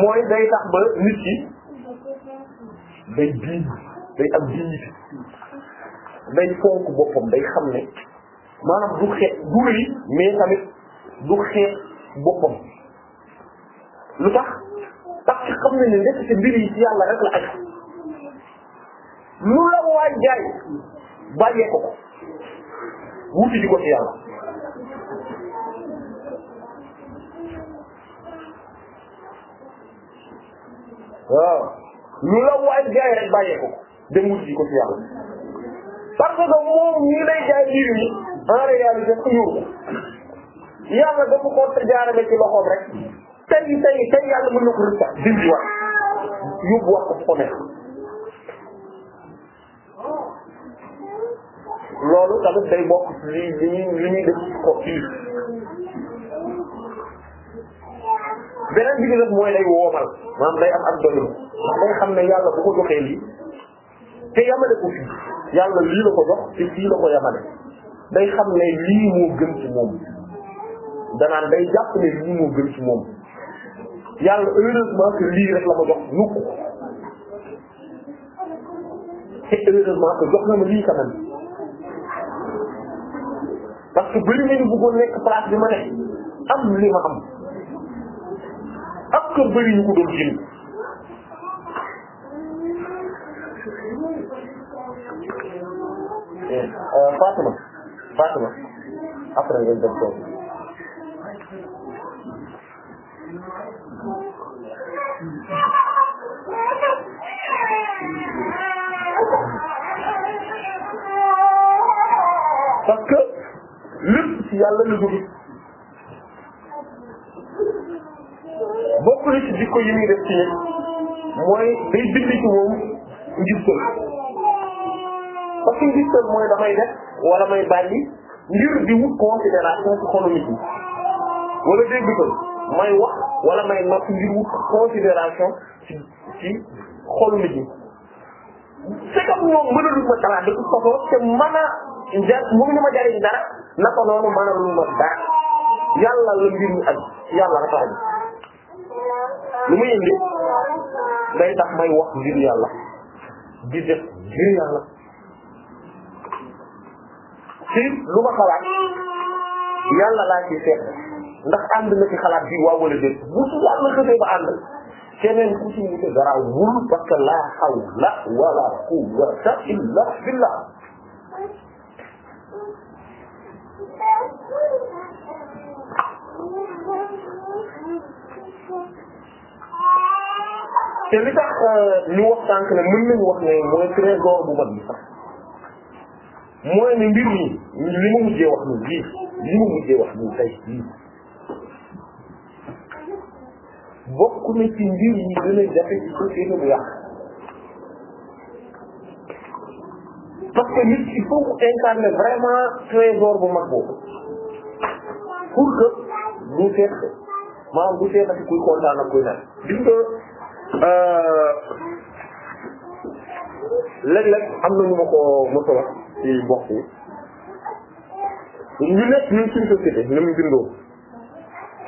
mooy day tax ba nit ki day biir day am dignité day fonk boppam day xam ne maanaam du xeet du rëy mais tamit du xeet boppam lu tax parce que xam na ne ndekk te mbir yi ci yàlla rek la aju lu la waay jaay bàyyee ko ko wuti di ko ci yàlla lu la waay jaay rek bàyyee ko ko dem wuti di ko ci yàlla parce que moom ñii lay jaay mbir yi en réalité toujours yàlla dafa ko jaarale ci loxoom rek tey tey tey yàlla mën na ko rëcc dindiwaat yóbbuwaat ko ko nekk loolu tamit day bokk li li ñuy li ñuy def ko fii beneen bi ñu def mooy day woomal maanaam day am ak doyul ndax day xam ne yàlla bu ko joxee lii te yamale ko fii yàlla lii la ko jox te fii la ko yamale. day xam ne lii moo gën ci moom danaan day jàpp ne lii moo gën ci moom yàlla heureusement que lii rek la ma jox mukk te heureusement que jox na ma lii quand même parce que bari nañu bëggoon nekk place bi ma ne am li ma am ak kër bari ñu ko doon jënd eh, euh, Fatima Fatima après ngeen dem toog parce que lépp ci yàlla la jóge bokk na ci jikko yi muy def ci nit mooy day bind ci moom ngistal parce que ngistal mooy damay def wala may bàyyi ngir di wut considération ci xolu nit ñi wala dégg may wax wala may nopp ngir wut considération ci ci xolu nit ñi moom mënalu ma dara de toute façon te mën a jar ma jariñ dara naka noonu mënalu ma dara yàlla la mbir ak yàlla la lu muy indi day tax may wax ngir yàlla di def ngir yàlla ci lu ma xalaat yàlla laa ciy seet ndax ànd na ci xalaat bi waaw wala bu ci yàlla xësee ba ànd keneen ku ci wute garaaw wul parce que laa hawla wala quwwata illa billah te li tax euh, ñu wax sànq ne mën nañu wax ne mooy trésor bu mag bi sax mooy ne mbir mi li ma mujjee wax nii lii li ma mujjee wax nii tey lii bokk ci mbir yi gën a jafe ci société bu yàq parce que nit il faut que vraiment trésor bu mag boobu pour que du seet maanaam du seet ak kuy kontaan ak kuy naan gis nga euh, léeg-léeg am na ñu ko mos ci bokk yi ñu nekk ñun suñu société ni mu bindoo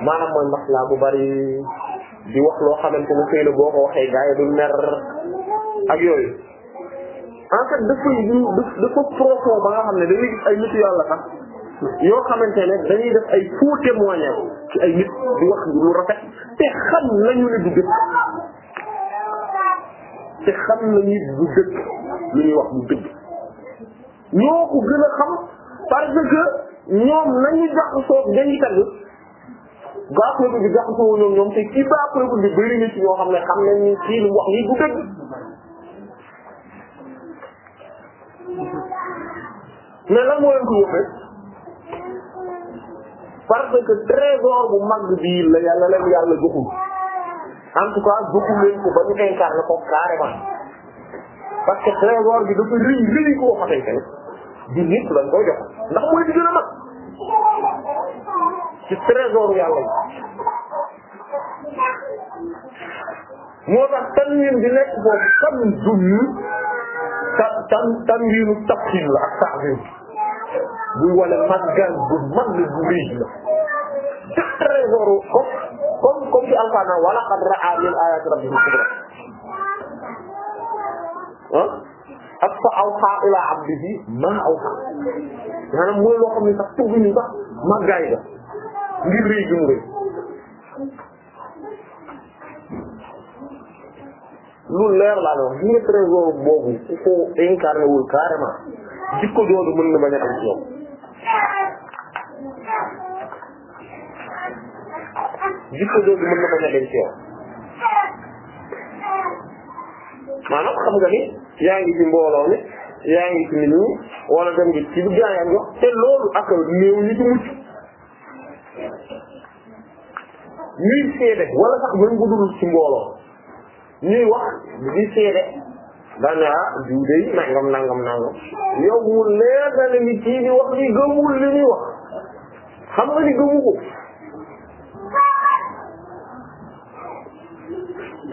maanaam mooy maslaa bu bari di wax loo xamante ne xëy na boo ko waxee gars du mer ak yooyu en fait dafay dafa profond ba nga xam ne dañuy gis ay nitu yàlla sax yoo xamante ne dañuy def ay faux témoignages ci ay nit di wax lu rafet te xam nañu ne du dëkk te xam nañu du dëkk lu ñuy wax du dëgg ñoo ko gën a xam parce que ñoom nañu jaxasoo dañuy tagg gaa preuve bi jaxasoo ñoom ñoom te ci gaa preuve bi bëri na ñoo xam ne xam nañ ni kii lu wax lii du dëgg mais lan moo leen ko waxee parce que trésor bu mag bii la yàlla leen yàlla joxul en tout cas joxul ba ñu incarné ko carrément parce que trésor bi dafa rëy rëy koo xamante ne jullit lañ koy jox ndax mooy di gën a mag ci trésor yàlla yi moo tax tanwin bi nekk foofu tan dun ta tan tanwinu tafsiir la ak tahzim buy wane màggal bu mag bu rëy la ci trésor comme comme comme ci alquran wa laqad ra'a min ayati rabbihil kubra ak fa awxaa ilaa abdihi maa awxaa maanaam mooy loo xam ne sax tur bi ñu sax màggaay ga ngir rëy gi mu rëy loolu leer laa ne wax nga trésor boobu ku ko incarné wul jikko jooju mën na bañ a jikko jooju mën na bañ a maanaam xam nga ni yaa ngi ci yaa ngi ci nit ñi wala dem ngi ci lu gaañ te loolu ak néew ñi ci mucc ñuy wala sax mën nga dul ci mbooloo ñuy wax di seede daan ah, nangam nangam nangam yow mu leer na ni kii di wax ni gëmul li muy wax xam nga ni gëmu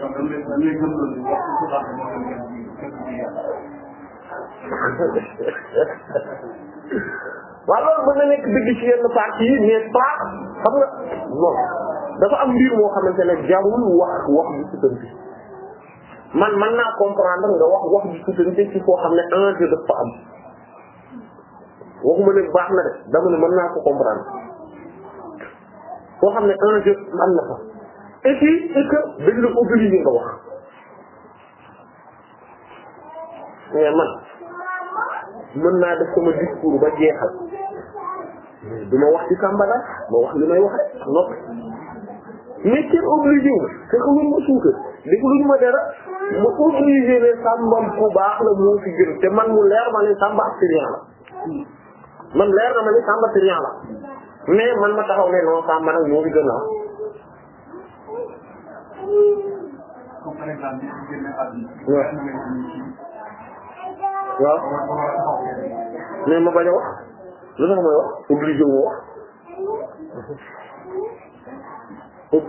ñoom dañu waaw loolu mën na nekk dëgg ci yenn parti yi mais pas nga non dafa am mbir moo xamante ne jarul wax wax bi sutante man mën naa comprendre nga wax wax bi sutante foo xam ne enjeu daf am waxuma ne baax na de dama ne mën naa ko comprendre foo xam ne enjeu am na fa et puis c'est que dañ la obligé nga wax man mën naa def sama discours ba jeexal du wax ci kàmbala ma wax li may wax rek mais kenn obligé wu te xamuñ ma suukar léegi lu ma dara ma obligé ne sàmbam ku baax la moo fi gën te man mu leer ma ne sàmba ak la man leer na ma ne sàmba trian la mais man ma taxaw ne non sàmba nag moo fi gën la comme par exemple ñu waaw waaw. ma bañ a wax. lu tax may wax obligé wax.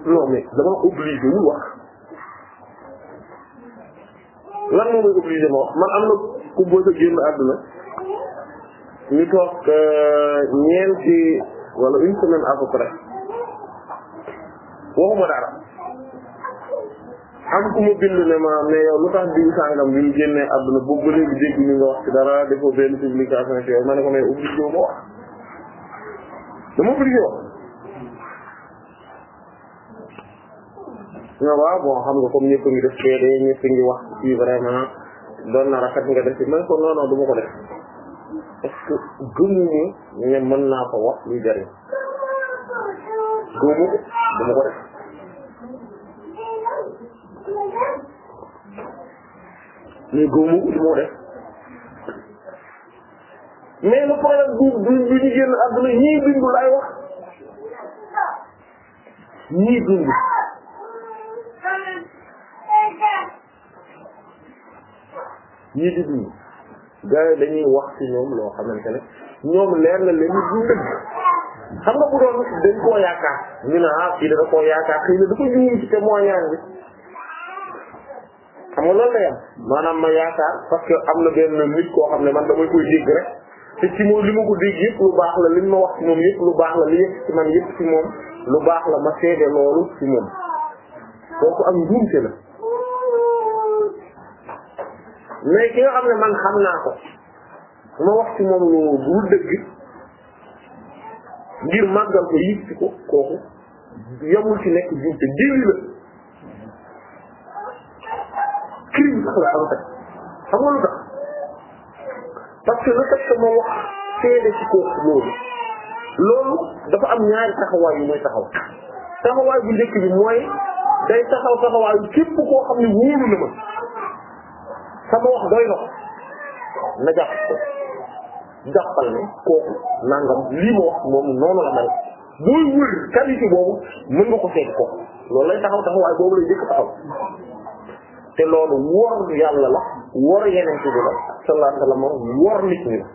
non mais dama obligé wu wax. lan moo may obligé ma wax man am na ku bëgg a àdduna. ñu toog euh, ñeenti wala une semaine à peu waxuma dara. am ku mu bind ne ma mais yow lu tax diw sàngam bi mu génnee àdduna boobu léegi dégg ñu nga wax ci dara defoo benn publication ci yow ne ko mais obligé ma wax dama wax ño xam nga comme ñëpp ngi def seede ñëpp ngi wax ci vraiment doon na rafet nga def ci man ko non non du ko def parce que gëmu ne mën naa ko wax luy jariñ gëmu ko ko def mais góomu li moo def mais le problème du du du ñu génn àdduna ñii dund laay wax ñii dund. ñii di dund gars dañuy wax ci ñoom loo xamante ne ñoom leer na leen du dëgg xam nga bu doon dañ koo yaakaar ñu ne ah fii dafa koo yaakaar xëy na dafa ñëw ci témoignage bi. xam nga loolu lay am maanaam ma yaakaar parce que am na benn nit koo xam ne man damay koy dégg rek te ci moom li ma ko dégg yëpp lu baax la li ma wax ci moom yëpp lu baax la li yëpp man yëpp ci moom lu baax la ma seede loolu ci moom kooku am njuumte la mais ki nga ne man xam naa ko ma wax ci moom lu dëgg ngir màggal ko yëpp ci ko kooku yamul ci nekk njuumte jiwi la xalaaru teg xam nga lu tax parce que le fait wax seede ci kooku loolu loolu dafa am ñaari taxawaay yu mooy taxaw taxawaay bu njëkk mooy day taxaw taxawaayu képp koo xam ne wóolu la ma sama wax doy na ko na jàppal ne kooku nangam lii ma wax moom noonu la mel booy wër qualité boobu mën nga ko seet kooku loolu lay taxaw taxawaay boobu lay njëkk taxaw te loolu wor yàlla la wor yeneen ci bi la sallallahu alayhi wasallam wor nit la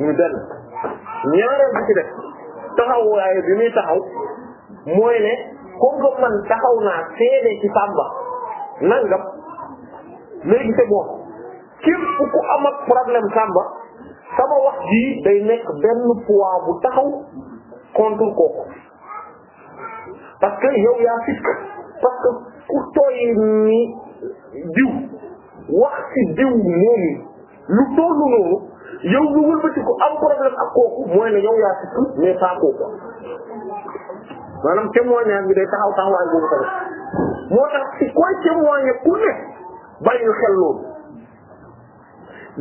ñu benn ñaareel bi ci def taxaw waaye bi muy taxaw mooy ne comme que man taxaw naa seede ci Samba nangam léegi c'est bon képp ku am ak problème Samba sama wax jii day nekk benn poids bu taxaw contre kooku parce que yow yaa sikk parce que ku tooy ni diw wax ci diw moomu lu tollu noonu yow nga wëlbati ko am problème ak kooku mooy ne yow yaa sikk mais pas kooku maanaam témoignage bi day taxaw taxawaay boobu tamit moo tax ci koy témoigné ku ne bàyyi xel loolu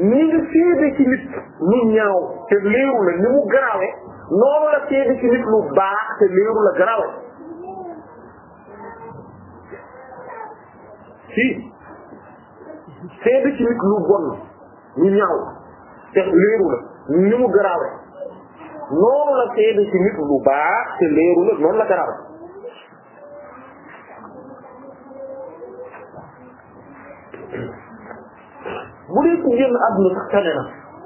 ni nga seede ci nit lu ñaaw te léeru la ni mu garawe noonu la seede ci nit lu baax te léeru la garawe si seede ci nit lu bon lu ñaaw te léeru la ni mu garaawe noonu la seede ci nit lu baax te léeru la noonu la garaawe bu dee ku génn àdduna na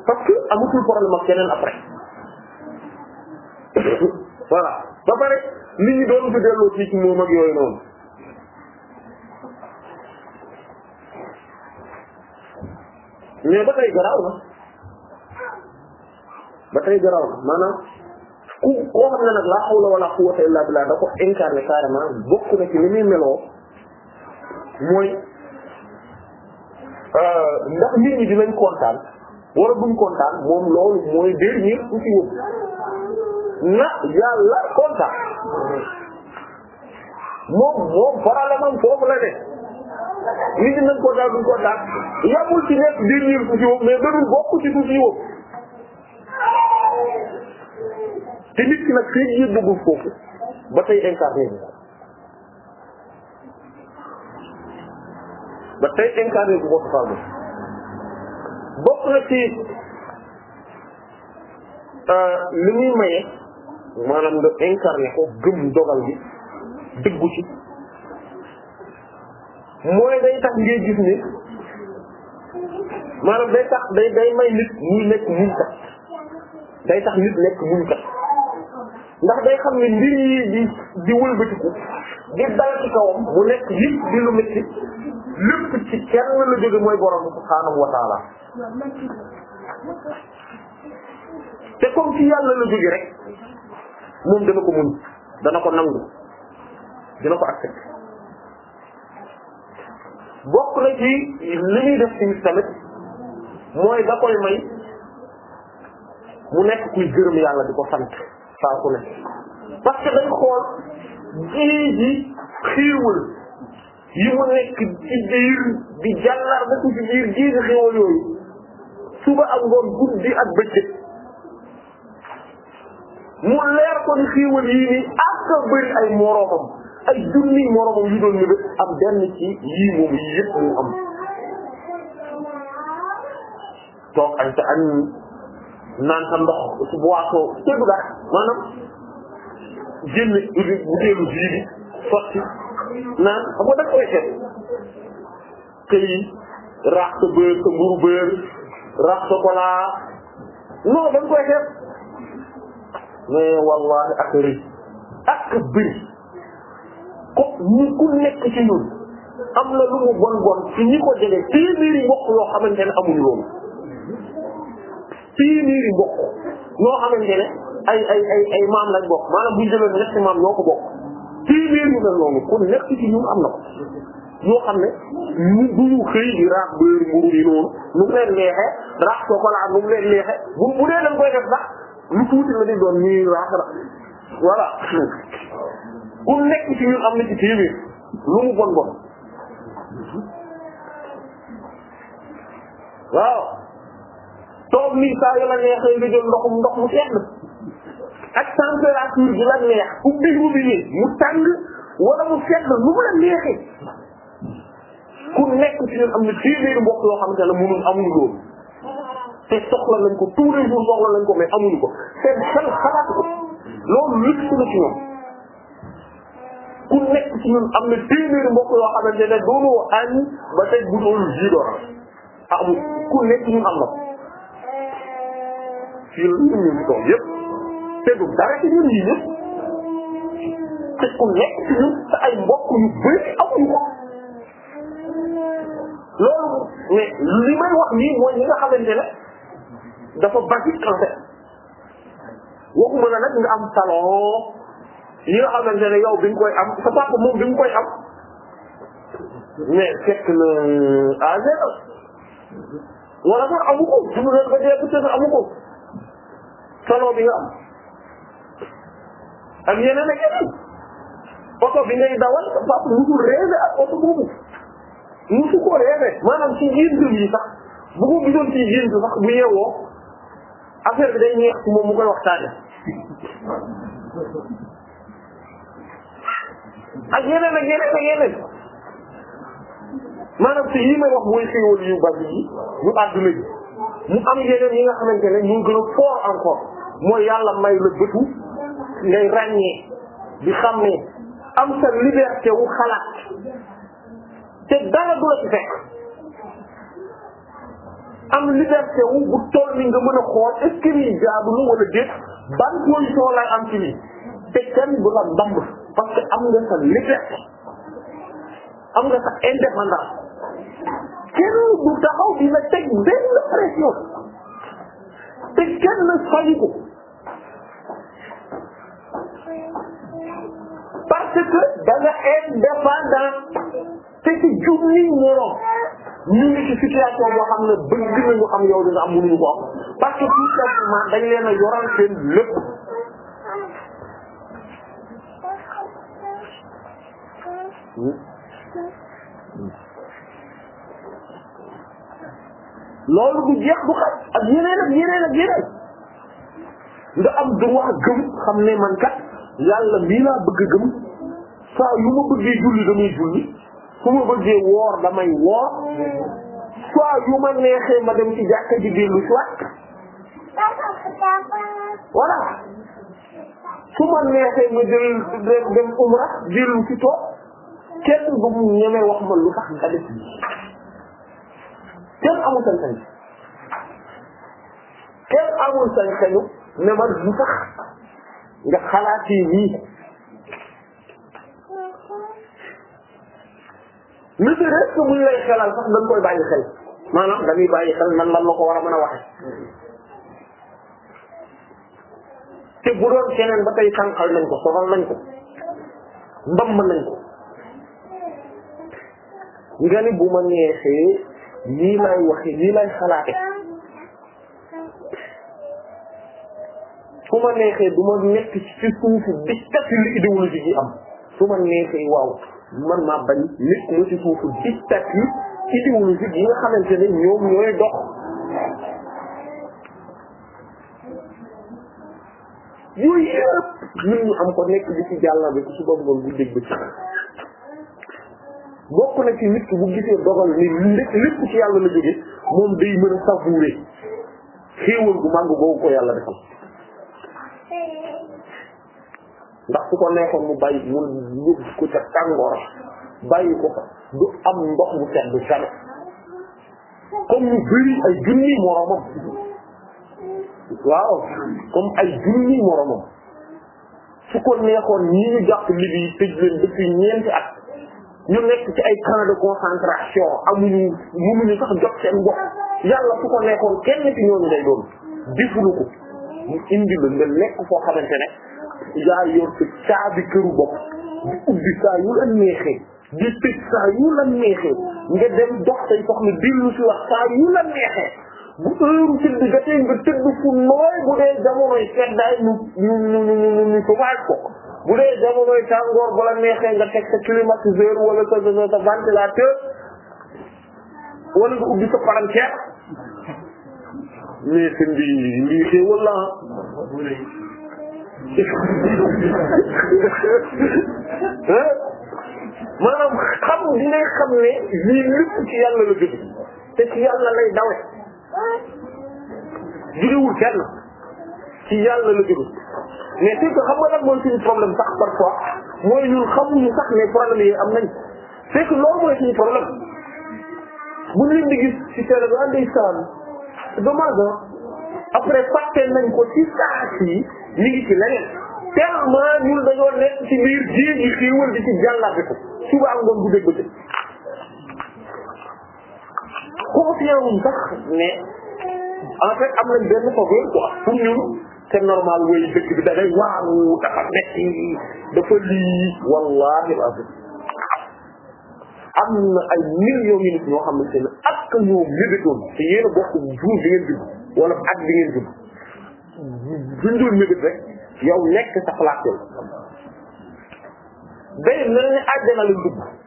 parce que amatul problème ak keneen après voilà ba pare nit ñi doon fi delloo ci ci moom yooyu noonu mais ba tey garaaw na ba tey garaaw na maanaam ku koo xam ne nag laa hawla wala quwwata illa billah da ko incarné carrément bokk na ci li muy meloo mooy euh, ndax nit ñi dinañ kontaan wala buñ kontaan moom loolu mooy dernier ku ci yóbbu na yàlla kontaan moom moom problème foofu la de nit ñi nañ koo daal duñ koo daal yamul ci nekk dernier ku ci wóob mais dadul bokk ci ku ci wóob te nit ki nag fii ñu dugg foofu ba tey incarné bi ba tey incarné bu bokk faa bokk na ci euh, li muy maye maanaam nga incarné ko gëm dogal bi dëggu ci mooy day tax ngay gis ne maanaam day tax day day may nit muy nekk muñ kat day tax nit nekk muñ kat ndax day xam ne mbir yi di di wëlbatiku di dal ci kawam mu nekk yëpp di lu métti lépp ci kenn la jóge mooy borom subhaanahu wa taala te comme ci yàlla la jóge rek moom dana ko muñ dana ko nangu dina ko accepté bokk na ci li ñuy def ci tamit mooy da koy may mu nekk kuy gërëm yàlla di ko sant saa su ne parce que day xool géej gi xiiwul yi mu nekk ci biir di jàllar ba ci biir géej gi xéwal yooyu suba ak ngoon guddi ak bëccëg mu leer ko xiiwal yii nii ak bëri ay moroomam ay junni moromam yu doon ñu am benn ci yii moom yii yëpp mu am toog añ sa añ naan sa ndox su boisson tegu daal maanaam génn udi bu déelu jii bi sotti naan xam nga dag koy këy raax sa bër sa mburu bër raax sa chocolat non dañ koy xeet wallahi ak rëy ak bëri ñi ku nekk ci ñun am na lu mu bon bon ci ñi ko jege téeméeri mbokk yoo xamante ne amuñu loolu téeméeri mbokk ñoo xamante ne ay ay ay ay maam lañ bokk maanaam bu ñu ko bokk téeméer yu mel nekk ci ñun am na ko ñoo xam ne ñu duñu xëy di raax beer mburu yi noonu nu mu leen neexee raax chocolat nu mu leen neexee bu bu dee dañ koy def sax lu tuuti la di doon ñuy raax ra voilà ku nekk ci ñun am na ci téeméer lu mu bon bon waaw toog nii saa yu la neexee nga jël ndoxum ndox mu sedd ak température bi la neex ubbi bi nii mu tàng wala mu sedd lu mu la neexee ku nekk ci ñun am na téeméeri mbokk yoo xamante ne mënul amuñu loolu te soxla lañ ko tous les jours soxla lañ ko mais amuñu ko seen xel xalaat ko loolu lépp la ci ñoom ku nekk ci ñun am na téeméeri mbokk yoo xamante ne doonoo añ ba tey budul ji doon am ku nekk ci ñun am na ko. fii la ñun ñu ngi toog yëpp te du dara ci ñun yii yëpp te ku nekk ci ñun sa ay mbokk yu bëri amuñu ko. loolu mais li may wax nii mooy ñi nga xamante ne dafa basique en fait waxuma la nag nga am salon. yi nga xamante ne yow koy am sa papa moom bi nga am mais fekk na à ah, zéro wala sax amu ko dund leen ba dee peut-être nga am ak yeneen ak yeneen oto bi ngay dawal sa papa musul rêvé ak oto boobu musu ko rêvé maanaam ci gént yi sax bu ko gisoon ci gént sax bu yeewoo affaire bi day ñeex ci moom mu koy waxtaane ak yeneen ak yeneen ak yeneen maanaam te yii may wax mooy xéewal yu bari yi yu àdduna yi mu am yeneen yi nga xamante ne ñu gën a fort encore mooy yàlla may la bëtu ngay ràññee di xam ne am sa liberté wu xalaat te dara du la fekk am liberté bu toll ni nga mën a xool est-ce que lii jaadu na wala déet ban position lay am ci lii te kenn du la ndamb parce que am nga sa am nga sa kenn du taxaw di la benn pression te kenn fayu parce que da nga indépendant te ci jub nii moroom ñu ngi ci situation boo xam ne bëgg nañu am dina am mënuñu ko parce que tout simplement dañ leen a yoral seen lépp loolu du jeex du xat ak yeneen ak yeneen ak am du wax gëm xam ne man kat yàlla lii bëgg gëm saa yu ma bëggee julli damay julli su bëggee woor damay woor saa neexee ma dem ci jàkka ji dellu si waat voilà su neexee ma dem umra dellu si toog kenn ba mu ñemee wax ma lu tax nga def kenn amul sañ-sañ kenn amul sañ-sañu ne man lu nga xalaatee nii li ci rek lay xelal sax dañ koy bàyyi xel maanaam dañuy bàyyi xel nan lan la ko war a mën a waxe te bu doon keneen ba tey tànqal nañ ko soxal nañ ko mbamm nañ ko nga ne bu ma neexee lii lay waxe lii lay xalaate su ma neexee du nekk ci suufu dictat li idéologie bi am su ma neexee waaw man maa bañ nekk ma ci suufu dictat yi yi nga xamante ne ñoom ñooy dox yooyu yëpp ñun ñu am ko nekk di ci jàlla bi ci suba ngoon bu dégg ci bokk na ci nit ki bu gisee dogal ni lépp lépp ci yàlla la jóge moom day mën a savourer xéewal gu màgg googu ko yàlla defal ndax su ko neexoon mu bàyyi tàngoor bàyyi ko fa mu sedd jamais comme ñu ay junni moromam waaw comme ay junni moromam su ko neexoon ñi ñu jàpp libi tëj leen depuis ñeenti at ñu nekk ci ay camp de concentration amuñu mënuñu sax jot seen bopp yàlla su ko nekkoon kenn ci ñooñu day doon defuñu ko mu indi la nga nekk foo xamante ne yaa yor sa caabi këru bopp di ubbi saa yu la neexee di tëj saa yu la neexee nga dem dox say soxla dellu si wax saa yu la neexee bu heure tëdd jotee nga tëdd fu nooy bu dee jamonoy seddaay ñu ñu ñu ñu ñu ko waaj ko. bu dee jamonoy tàngoor bu la neexee nga teg sa climatiseur wala sa sa ventilateur wala nga ubbi sa palanteer mais seen bi lii xéewal la ah maanaam xam di ngay xam ne lii lépp ci yàlla la jóge te ci yàlla lay dawe jógewul kenn ci yàlla la jóge mais c'est que xam nga nag mooy suñu problème sax parfois mooy ñun xamuñu sax ne problème yi am nañ c'est loolu mooy suñu problème buñ leen di gis ci télé bi ah ndeysaan après fàtte nañ ko ci saa si ñu ngi ci leneen tellement ñun dañoo nekk ci biir jéeg yi xéewal di ci jàllaate ko suba ak ngoon bu dégg bëccëg confiant wuñ sax mais en am nañ benn faveur quoi pour ñun c'est normal wéy dëkk bi da waaw dafa metti dafa lii wallahi azim am na ay millions yi ñoo xamante ne ak ñoo mébétoon te yéen a bokk jour bi ngeen judd wala at bi ngeen judd duñ doon mébét rek yow nekk sa place day mel ni àjjana la dugg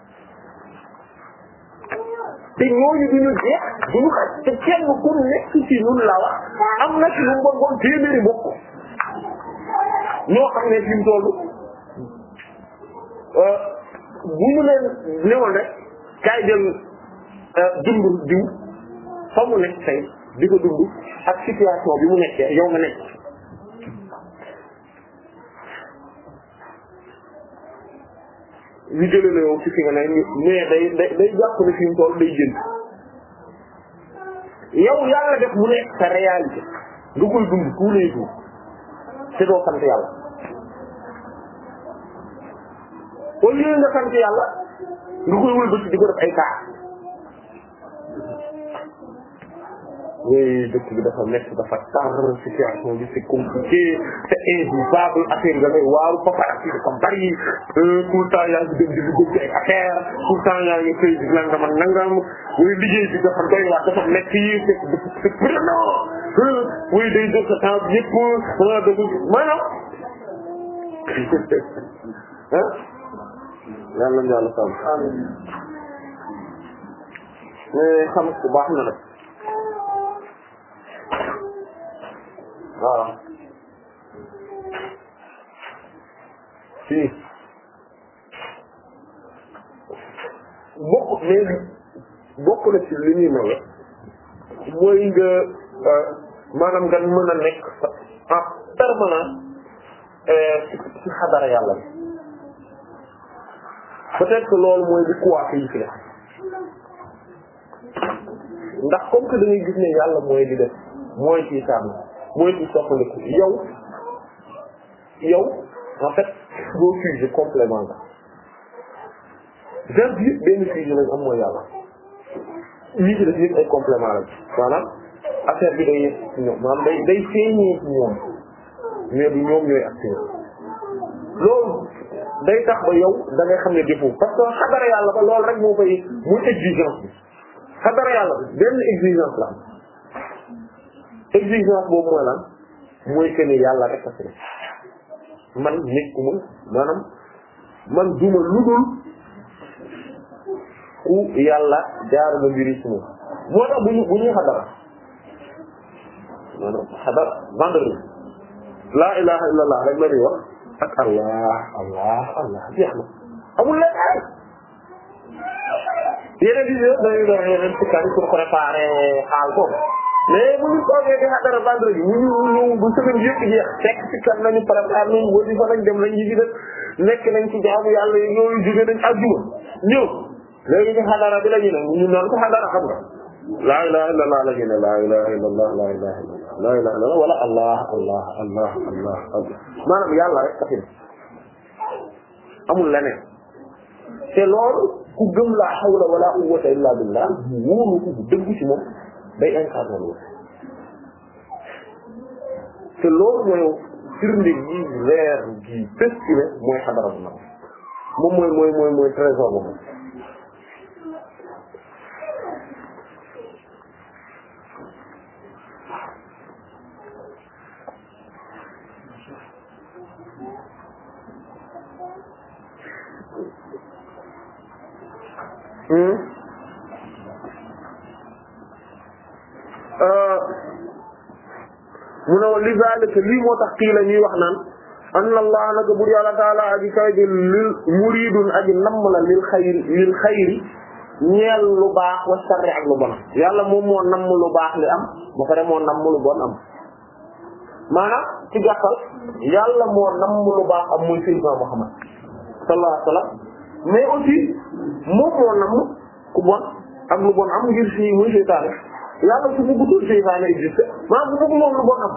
te ñooñu du ñu jeex ñu xaj te kenn ku nekk ci ñun la wax am na ci lu mu bon téeméeri bokk ñoo xam ne fi mu toll euh, bu ñu leen newoon rek kaay jël euh, dund diw fa mu nekk tey di ko dund ak situation bi mu nekkee yow nga nekk. ñu jëlee la yow ci fi nga ne mais day day day jàpp ne fi mu day jënd yow yàlla def mu nekk sa réalité nga koy dund tous les jours te doo sant yàlla au lieu nga sant yàlla nga koy wëlbati di ko def ay kaar dëkk bi dafa nekk dafa tar situation bi c'est compliqué c'est invivable affaire yi da ngay waaru paparazzi dafa bari euh, tout le temps yaa ngi dem di dugg ci ay affaire tout le temps yaa ngi xëy di nangam ak nangam muy liggéey bi dafa doy waar dafa nekk yi c'est c'est prenant muy euh, day jël sa temps bi yëpp maanaam ah yàlla na yàlla sàmm xam ku baax na nag waaw si bokk mais bokk na ci li ñuy mooy nga euh, maanaam nga mën a nekk en permanence euh, ci xadara yàlla bi peut-être loolu mooy di kuwaate yi fi def ndax comme que da gis ne yàlla mooy di def mooy ci tànn mooy di soppaliku yow yow en fait boo sujet complément la genre bi yëpp benn sujet lañ am mooy yàlla ñii ci ay complément lañ maanaam affaire bi day ci day day feeñee ci mais du ñoom ñooy acteur loolu day tax ba yow dangay xam ne défaut parce que xadara yàlla ba loolu rek moo koy muy exigence bi xadara yàlla bi benn exigence la exigence boobu mooy lan mooy que ni yàlla rek a fi man nekkuma maanaam man duma ludul ku yàlla jaarale mbiri ci moom moo tax bu ñu bu ñuy xadara maanaam xadara vendredi laa ilaha illa allah rek la ñuy wax ak allah allah allah jeex na amul leen ay yeneen di yo dañu doon yeneen ci kari pour préparer xaal ko mais bu ñu toogee di xadara vendredi ñu ñu bu semaine yëpp jeex fekk ci kan nañu préparé nañ wóor fa nañ dem nañ ñu def nekk nañ ci jaamu yàlla yi ñooyu jóge nañ àjjuma ñëw léegi ci xadara bi la ñu ne ñu naan ko xadara xam nga laa ilaha illallah la ñu ne laa ilaha illallah laa ilaha illallah laa ilaha illallah wala allah allah allah allah allah maanaam yàlla rek taxin amul leneen te loolu ku gëm laa hawla wala quwwata illa billah wóolu ko bu dëgg ci moom day incarné loolu te loolu mooy firnde gi leer gi bés ci ne mooy xadara bu ndaw moom mooy mooy mooy mooy trésor boobu Hmm? mu ne li zalika lii moo tax kii la ñuy wax naan anna allah naka bur yàlla taala aji kawe ji lil muridun aji namm la lil xayri lil xayri ñeel lu baax wa sarri ak lu bon yàlla moom moo namm lu baax li am ba pare moo namm lu bon am maanaam ci gàttal yàlla moo namm lu baax am muy sayyidina Muhammad sallallahu alayhi wa sallam mais aussi moom moo namm ku bon ak lu bon am ngir si muy seytaane yàlla su bëggutoon seytaane existé maanaam bu bëgg moom lu bon am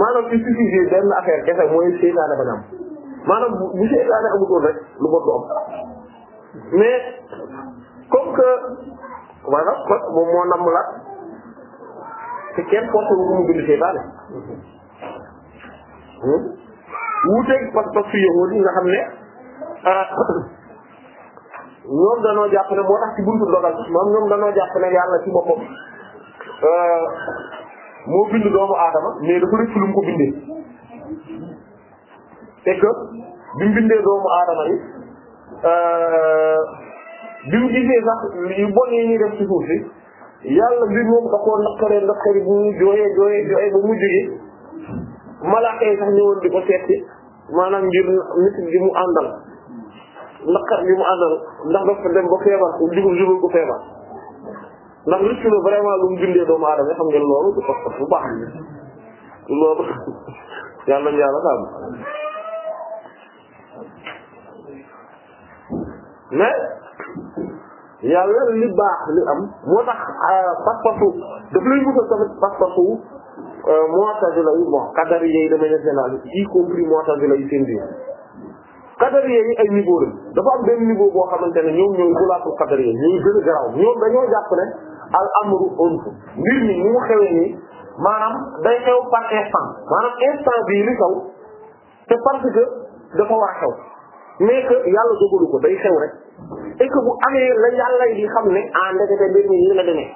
maanaam il suffit benn affaire kese mooy seytaane ba am maanaam bu seytaane amutoon rek lu bon du am mais comme que maanaam kon moom moo namm la te kenn porte lu mu bind seytaane hmm? wuuteeg parce que fi yowoon nga xam ne ah, ñoom danoo jàpp ne moo tax ci buntu dogal moom ñoom danoo jàpp ne yàlla ci boppam euh, moo bind doomu aadama mais dafa rëcc lu ko bindee et bi mu bindee doomu aadama yi euh, bi mu gisee sax bon yi ñuy def ci suuf si yàlla mbir moom da koo naqaree naqari bu mu jooyee jooyee jooyee ba mu jógee malaaka sax ñëwoon di ko seet maanaam ngir nit di mu àndal naqar li mu àndal ndax dafa dem ba feebar jubal jubal ko feebar ndax risque la vraiment lu mu bindee doomu aadama xam ngeen loolu du pas bu baax loolu yàlla nañu yàlla sàmm mais yàlla li baax li am moo tax euh, pas-pasu daf lay musal tamit pas-pasu euh, mu'tazila yi bon qadari yi demee nationale yi y compris mu'tazila yi seen biir qadariya yi ay niveau da dafa am benn niveau boo xamante ne ñoom ñooy xulaatul qadariya ñooy gën a garaaw ñoom dañoo jàpp ne al amru unf mbir mi ni mu xewee nii maanaam day xew par instant maanaam instant bii li xew c'est parce dafa war a xew mais que yàlla dogalu ko day xew rek et que bu amee la yàlla di xam ne ah ndekete mbir nii la demee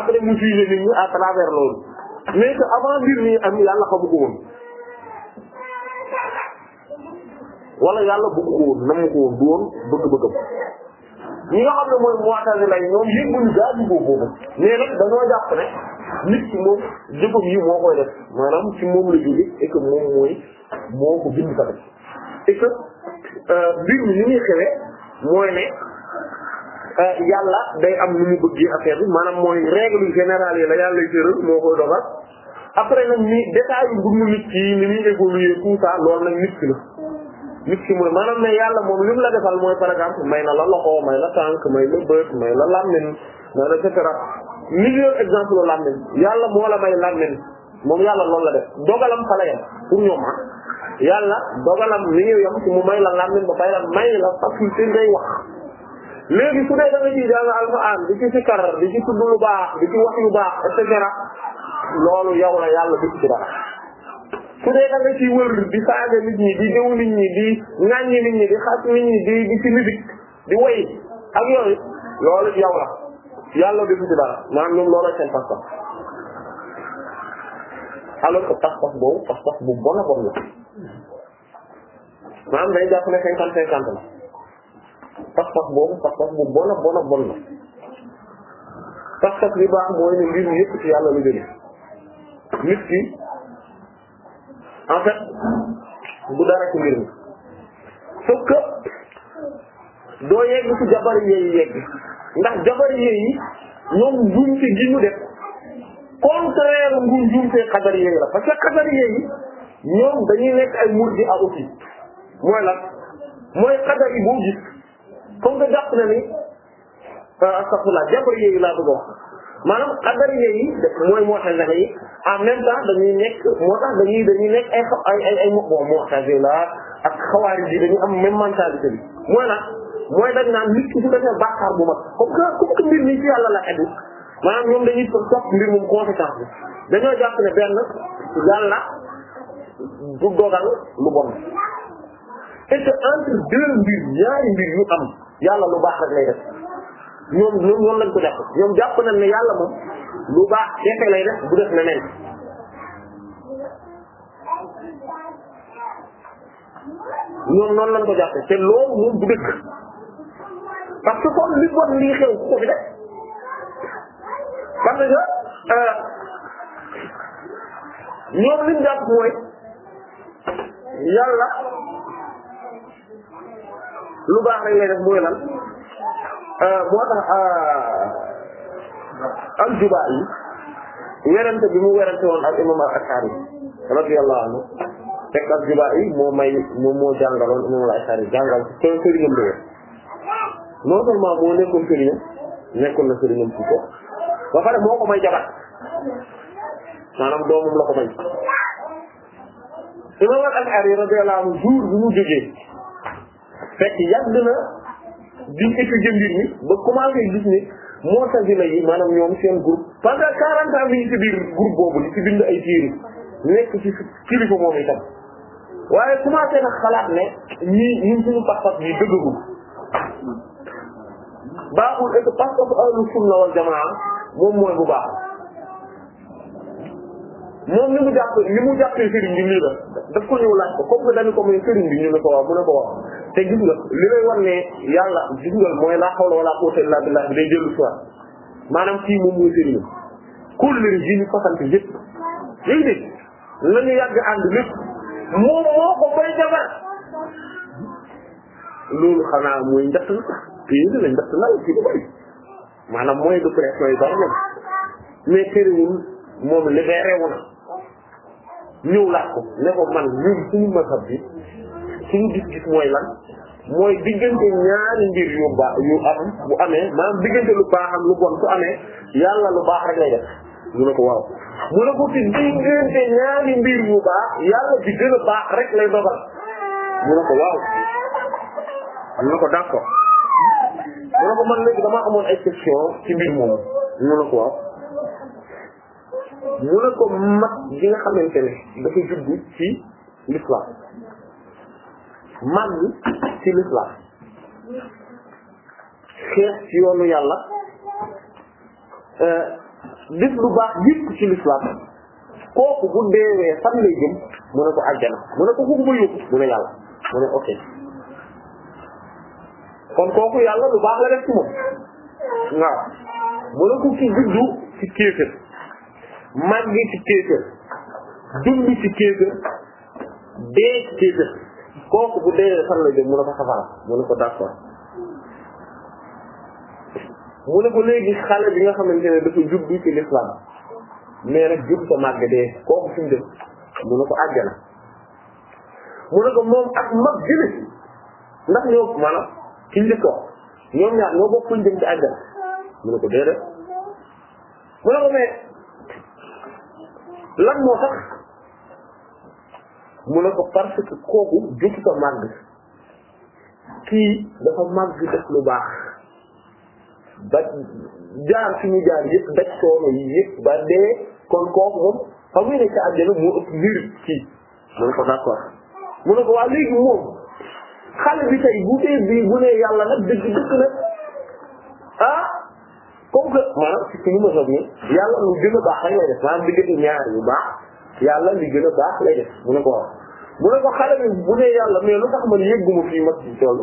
après mu jugé nit ñi à travers loolu mais que avant mbir mi am yàlla xamu ko woon. wala yàlla bëgg ko woon na mu ko woon du woon bëgg-bëggam ñi nga xam ne mooy mu'tazila ñoom yënguñu gaa ji boobu boobu mais nag dañoo jàpp ne nit moom jëfam yi moo koy def maanaam ci moom la jóge et moom mooy moo ko bind sax et que euh, mbir mi ni muy xewee mooy ne euh, yàlla day am nu mu bëggee affaire bi maanaam mooy règle générale yi la yàlla yi tëral moo koy dogal après nag ni détail yu nit ki ni muy évoluer tout ça loolu nag nit ki la. nit ki mooy maanaam ne yàlla moom li la defal mooy par exemple may na la loxo may la tànk may la bët may la làmmiñ may la et cetera million exemple la làmmiñ yàlla moo la may làmmiñ moom yàlla la def dogalam fa la yem pour ñoom ah yàlla la li ñu yem ci mu may la làmmiñ ba bay la may la faculté ngay wax léegi su dee da nga ciy jàng alxuraan di ci sikkar di ci tudd lu baax di ci wax yu baax et cetera loolu yow la yàlla di ci dara su dee da nga wër di saaga nit ñi di jëw nit ñi di ŋàññi nit ñi di xas nit ñi di di ci musique di way ak yooyu loolu yow la yàlla defu ci dara maanaam ñoom loolu seen pas-pas alors boobu pas bu bon a bon la maanaam day jàpp ne cinquante baax mooy ne mbir mi yëpp ci yàlla la jóge nit ki en fait bu dara ci mbir mi sauf que doo yegg ci jabari yi yegg ndax jabari yi ñoom njuumte gi ñu def contraire ngu njuumte xadari yi la parce que xadari yi ñoom dañuy nekk ay murji a aussi mooy lan mooy xadar yi boo gis comme que jàpp na ni ah, astafurlah jabari yi laa bëgg a maanaam xadariya yi mooy mu'tazila yi en même temps dañuy nekk moo tax dañuy nekk ay ay xawaari bi dañuy am même mentalité bi mooy nag mooy dañ naan nit ki su defee bàkkaar bu mag comme que comme que mbir mi ñoom dañuy topp bi dañoo jàpp ne benn yàlla du dogal lu bon et que entre deux mbir ñaari mbir yu am yàlla lu baax rek lay def ñoom ñoom noonu lañ ko jàpp ñoom jàpp nañ ne yàlla moom lu baax defe lay def bu def leneen ñoom noonu lañ ko jàpp te loolu moom bu dëkk parce que kon li bon lii xew ko fi def parce que euh, ñoom liñ jàpp mooy yàlla lu baax rek lay def mooy lan Euh, moo tax euh, aljuba yi werante bi mu werante woon ak imam al-Ashari radiyallahu anhu fekk aljuba yi moo may moo moo jàngaloon imam al-Ashari jàngal ko sëriñam la non moo nekkoon sëriñam nekkoon na sëriñam ci ba pare moo ko may jabat maanaam doomam la ko may imam al-Ashari radiyallahu anhu jour bu mu jógee fekk yàgg na biñ étudier mbir mi ba commencé gis ni Mu'tazila yi maanaam ñoom seen groupe pendant quarante ans bi ñu ci biir groupe boobu li ci bind ay téere nekk ci kilifa moom itam waaye commencé na xalaat ne ñii ñun suñu pas-pas bi dëggagul baaxul et que pas-pas ahlu sunna wal jamaa moom mooy bu baax moom li mu jàpp li mu jàppee sëriñ bi lii la daf ko ñëw laaj ko comme que dañu ko may sëriñ bi ñu ne ko wax mu ne ko wax te gis nga li lay wan ne yàlla gis nga mooy la hawla wala quwwata illa billah bi day jëllu soir maanaam kii moom mooy sëriñ kóllëre gi ñu fasante yëpp yégi dég nañu yàgg ànd lépp moom moo ko bay jabar loolu xanaa mooy njatt na sax téyidi la njatt na la ci lu bari maanaam moyen de pression yi bari na mais téréwul moom li wu na ñëw laaj ko ne ko man ñun suñu mazhab bi suñu gis-gis mooy lan mooy diggante ñaari mbir yu baax yu am bu amee maanaam diggante lu baax lu bon su amee yàlla lu baax rek lay def mu ne ko waaw mu ne ko ci diggante baax yàlla a ko waaw mu ne ko d'accord mu ko man léegi damaa amoon ay ci mbir moomu mu ne ko waaw mu ne ko mat gi nga xamante ne dafa judd ci l'islam màgg ci l'islam xeex yoonu yàlla euh, def lu baax yëpp ci l'islam kooku bu deewee fan lay mu ne ko àjjana mu ne ko ku ko yóbbu mu ne yàlla mu ne ok kon kooku yàlla lu baax la def ci moom waaw mu ne ko ci juddu ci kéefër màggi ci kéefër dund ci kéefër dee ci kéefër kooku dee fan mu ne ko safara mu ne ko d'accord mu ne ko léegi xale bi nga xamante ne dafa juddu ci l'islam mais nag jub ko màgg dee kooku fi mu mu ne ko àjjana mu ne ko moom ak mag jëlee ndax ñoo maanaam ki njëkk wax ñoom ñaar ñoo bokk fuñ dem ci mu ne ko déedéet mu ne ko mais lan moo tax mu ne ko parce que kooku jotu ko màgg kii dafa màgg def lu baax ba jaar fi ñu jaar yëpp daj coono yëpp ba dee kon kooku moom xam nga ne ca àddina moo ëpp mbir kii mu ne ko d'accord mu ne ko waa léegi moom xale bi tey bu dee bii bu ne yàlla nag dëgg dëgg nag ah comme que maanaam ci suñu ma soog ni yàlla lu gën a baax rek lay def maanaam diggante ñaar yu baax yàlla li gën a baax lay def mu ne ko wax mu ne ko xale bi bu dee yàlla mais lu tax man yëgguma fii ma toll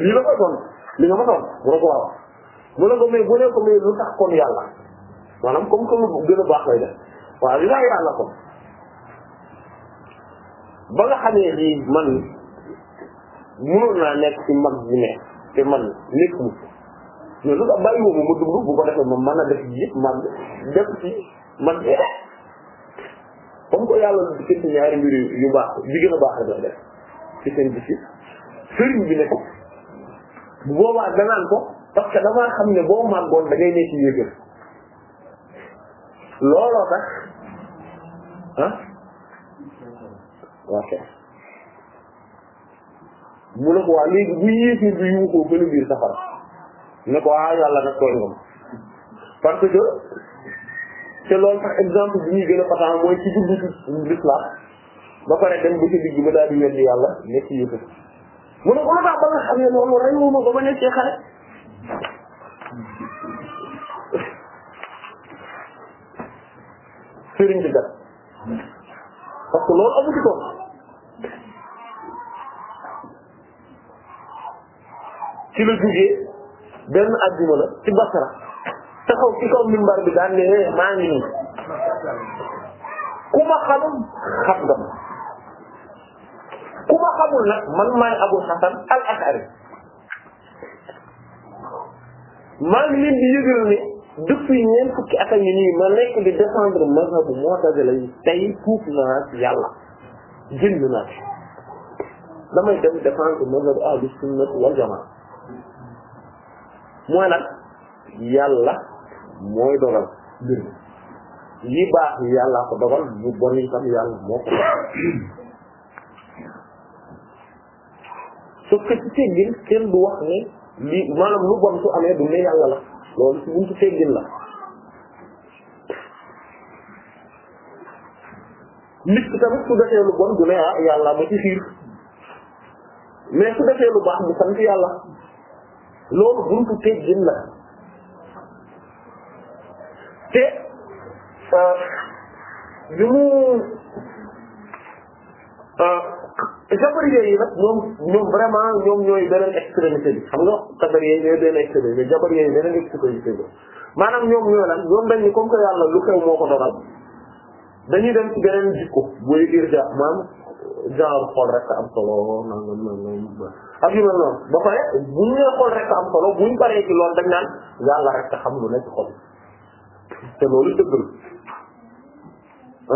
lii la ko doon li nga ma doon mu ne ko waaw mu ne ko mais ne ko mais lu tax kon yàlla maanaam comme que lu gën a baax lay def waaw li tax yàlla kon ba nga xamee lii naa nekk ci mag bi ne te man nekkuma mais lu tax bàyyi woo ma ma dund bu ko defee ma mën a def yëpp man def man comme ko yàlla di ci ñaari yu baax bi gën a baax la doon def ci seen bisi sëriñ bi ne ko bu boobaa danaan ko parce que damaa xam ne boo màggoon da ngay nekk yéegal looloo tax ah ok mu ne ko waa léegi bu yéesee bi yuuxoo gën a biir safara ne ko ah yàlla nag tooñ nga ma parce que te loolu sax exemple bi ñuy gën a patent mooy ci dugg ci l'islam ba pare dem ba ci digg ba daal di weddi yàlla nekk ci yëkkati mu ne ko lu tax ba nga xam ne loolu rey wu ma ba ma nekkee xale sëriñ bi gat parce que loolu amu ci ko ci la jugee benn àjjuma ci Basra taxaw ci kaw minbar bi daan ne eh, maa ngi nii ku ma xamul xam nga ku ma xamul nag man maay Abu Hasan al-Ash'ari maa ngi leen di ma nekk di défendre mazhabu Mu'tazila yi tey tuub naa ci yàlla génn naa damay dem défendre mazhabu ahlu sunna wal mooy lan yàlla mooy dogal mbir yi baax yi yàllaa ko dogal yu bon yi tam yàlla moo ko dogal su ko ci teggin kenn du wax ni lii maanaam lu bon su amee du ne yàlla la loolu ci buntu teggin la nit ki tamit su defee lu bon du ne ah yàlla ma ci fiir mais su defee lu baax mu sant yàlla loolu buntu teggin la te yu euh, mu euh, jabariye yi nag ñoom ñoom vraiment ñoom ñooy beneen extrémité bi xam nga qadariye yi ñooy beneen extrémité mais jabariye yi beneen extrémité bi maanaam ñoom ñooy lan ñoom dañ ni comme yàlla lu xew moo ko dogal dañuy dem beneen jikko booy irja maanaam genre xool rek am solo nangam nangam ak yu mel noonu ba pare bu ñu nee xool rek am solo bu ñu paree ci loolu dañ naan yàlla rek a xam lu nekk xol te loolu dëgg la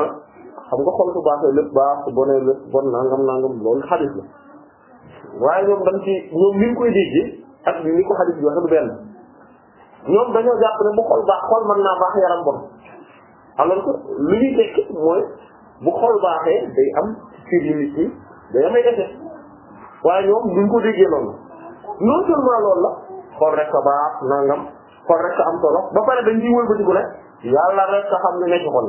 ah xam nga xol su baaxee lépp baax su bonee lépp bon nangam nangam loolu xadis la waaye ñoom dañ ci ñoom ni ñu koy déggee ak ni ko xadis bi waxee du benn ñoom dañoo jàpp ne bu xol baax xol mën naa baax yaram bon alors que li ñuy tekki mooy bu xol baaxee day am. ci biir nit ñi day am ay effet waaye ñoom buñ ko déggee noonu non seulement loolu la xool rek ka baax nangam xool rek ka am solo ba pare dañ ciy wëlbatiku ne yàlla rek ka xam ne nekk xol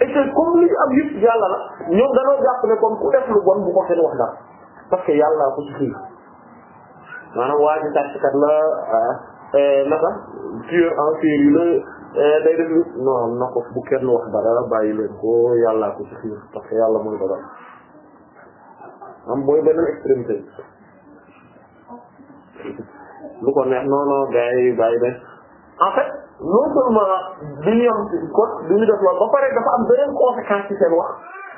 et comme li am yëpp yàlla la ñoom dañoo jàpp ne comme ku def lu bon bu ko kenn wax dara parce que yàlla ko ci xëy maanaam waa ji tàcckat la ah, eh, naka tueur en série la Eh, day def lu non na ko bu kenn wax dara bàyyi leen ko yàllaa ko ci xiir parce que yàlla mooy dogal am booy beneen extrémité lu ko neex non non gars yi bàyyi leen en fait non seulement du ñu am ko du ñu def loolu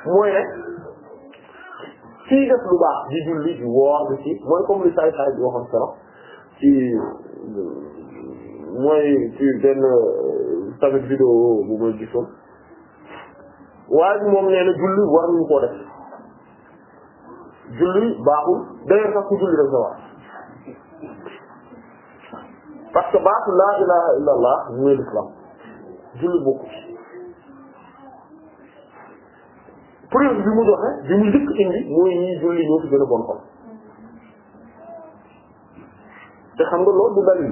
mooy ne fii def lu baax di julli woor bi mooy comme li saay saay bi waxoon solo ci mooy ci benn euh, tamit vidéo bu ma gisoon moom nee na julli war nañu koo def julli baaxul d'ailleurs sax julli def sa wax parce que baatu laa ilaha illa allah mooy julli bokku ci preuve bi mu joxe julli ñoo fi bon xol te xam nga loolu du dalil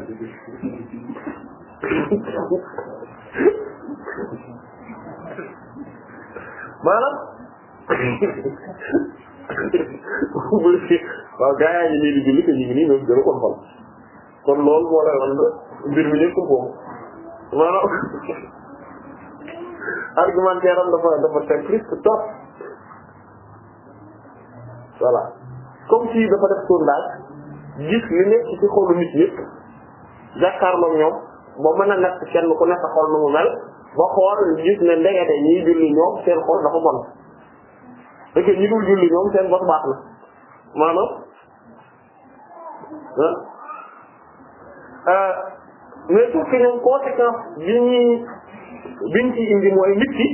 maanaam waaw gaa yaa di julli te ñu ko xol kon loolu moo lay wax mbir mi ñëpp moom maanaam argumentaire am dafa dafa simpliste trop voilà comme si dafa def sondage gis li nekk ci xolu nit ñi jàkkaarloo ñoom ba mën a natt kenn ku nekk xol nu mu mel ba xool gis ne ndegete ñiy julli ñoom seen xol dafa bon dëgg ñi dul julli ñoom seen bos baax na maanaam ah euh, mais ñoom conséquence bi ñuy biñ ci indi mooy nit ki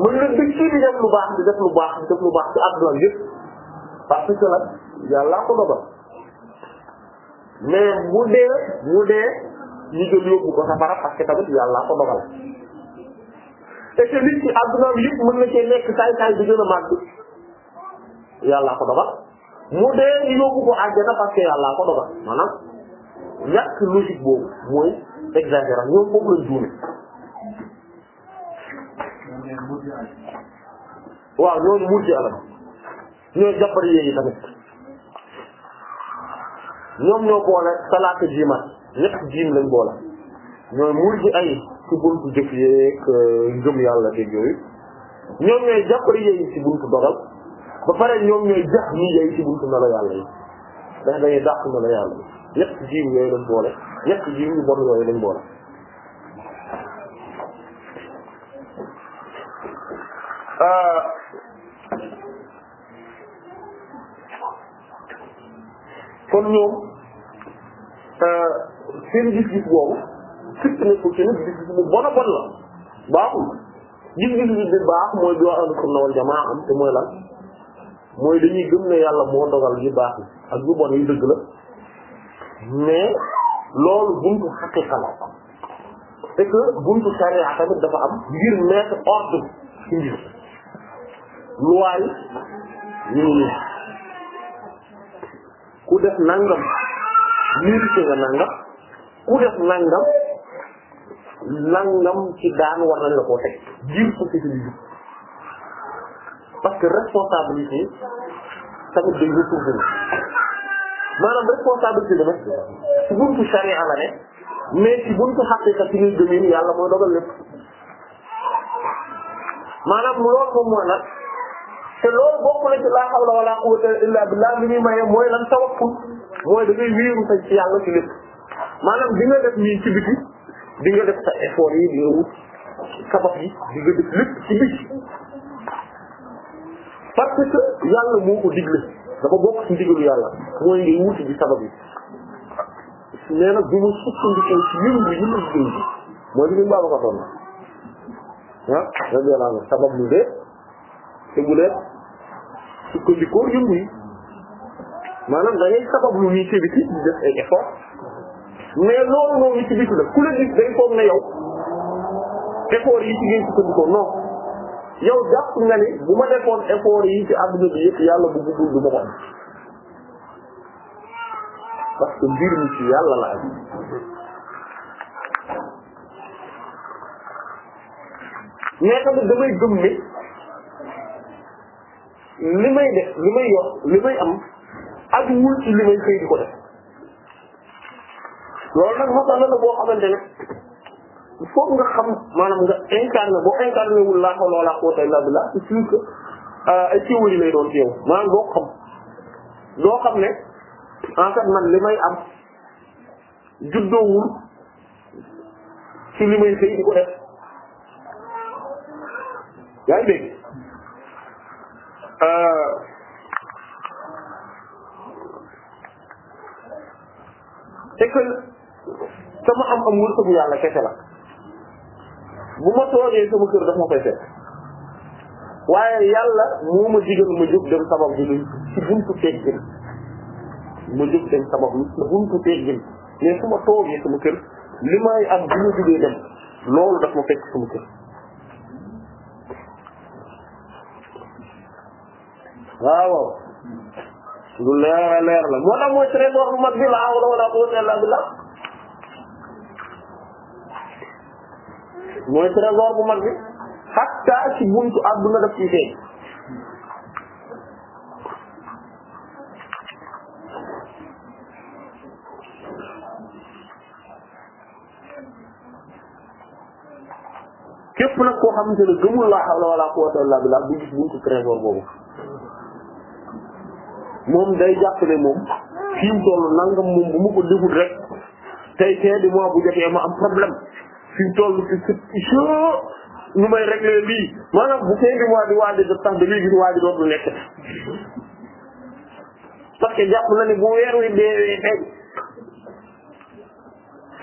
mën na dëkk di def lu baax di def lu baax di def lu baax ci àdduna yëpp parce que nag ko dogal. mais mu dee mu dee ñu jël yóbbu ko safara parce que tamit yàlla ko dogal et que nit ci àdduna bi yëpp mën na cee nekk saay saay bi gën a màgg yàlla ko dogal mu dee ñu yóbbu ko àjjana parce que yàlla ko dogal maanaam ñàkk logique boobu mooy exagération ñoom foofu lañ juume waaw ñooñu murji ala ñooy jàppari yéegi tamit ñoom ñoo boole salaata jiimaat ñett jiim lañ boole ñooy mur gi ay ci buntu jëf yeeg euh, ngëm yàlla dégg yooyu ñoom ñooy jàppari yeey ci buntu dogal ba pare ñoom ñooy jax ñi yeey ci buntu melo yàlla yi ndax dañuy dàq melo yàlla yi ñett jiim yooyu lañ boole ñett jiim yu bon yooyu lañ boole euh, kon ñoom euh, seen gis-gis boobu surtout ne ko kenn gis-gis bu bon a bon la baaxul gis-gis bi baax mooy bi waa ahlu sunna wal jamaa am te mooy lan mooy dañuy gëm ne yàlla moo dogal yi baax yi ak yu bon yu dëgg la mais loolu buntu xaqiqa la c'est que buntu sharia dafa am ngir mettre ordre ci mbir loi yi ku def nangam mérité nga nangam ku def nangam nangam ci daan war nañ la koo teg jiir parce que responsabilité tamit day retourné maanaam responsabilité bi ci buntu charia la ne mais ci buntu xaqiqa ci ñuy gëmin yàlla mooy dogal lépp maanaam loolu moom mooy te loolu bokk na ci laa hawla wala quwwata illa billah li muy maye mooy lan tawakkul mooy da ngay wéeru sa ci yàlla ci lépp maanaam di nga def nii ci biti di nga def sa effort yi di nga wut sabab yi di nga def lépp ci biti parce que yàlla moo ko digle dafa bokk ci ndigalu yàlla mooy ngay wuti ji sabab yi nee nag du ma sukkandikoo ci yëngu yëngu yëngu mooy li ñu baax a ko doon ah. rajo yàlla sabab mu dee. te bu dee sukkandikoo yëngu yi maanaam da ngay sabablu nii ci biti def ay effort mais loolu noonu ci la ku la gis day foog na yow effort yi ci ngay sukkandikoo non yow jàpp nga ne bu ma defoon effort yi ci àdduna bi yëpp yàlla bu guddul du ma ko am mbir mi ci yàlla la am mais damay gëm ne li may def li may yor li may am ak ci li may xëy di ko def loolu nag masala la boo xamante ne foog nga xam maanaam nga incarné boo incarné wul laa hawla wala quwwata illa billah c'est sûr que euh, ay siiwal yi lay doon ci maanaam doo xam doo xam ne en fait man li may am juddoowul ci li may xëy di ko def yaa ngi Euh, c'est que sama am am wërsëgu yàlla kese la bu ma toogee sama kër daf ma koy fekk waaye yàlla moo ma digal ma jóg dem sabab ji lu ci buntu teggin ma jóg dem sabab lu ci buntu teggin mais su ma toogee sama kër li may am bu ma jógee dem loolu daf ma fekk sama kër waaw lu leer a leer la moo tax mooy trésor bu mag bi la hawla wala quwwata illa billah mooy trésor bu mag hatta ci buntu àdduna daf ci feeñ képp nag koo xamante ne gëmul la hawla wala quwwata illa billah bu gis buntu trésor boobu moom day jàpp ne moom fi mu toll nangam moom bu ma ko deful rek tey tey di mois bu jotee ma am problème fi mu toll ci së ñu may régler lii maanaam bu fin du mois di waaj a jot sax dañuy gis waaj a dootul nekk parce que jàpp na ne bu weer wi deewee tey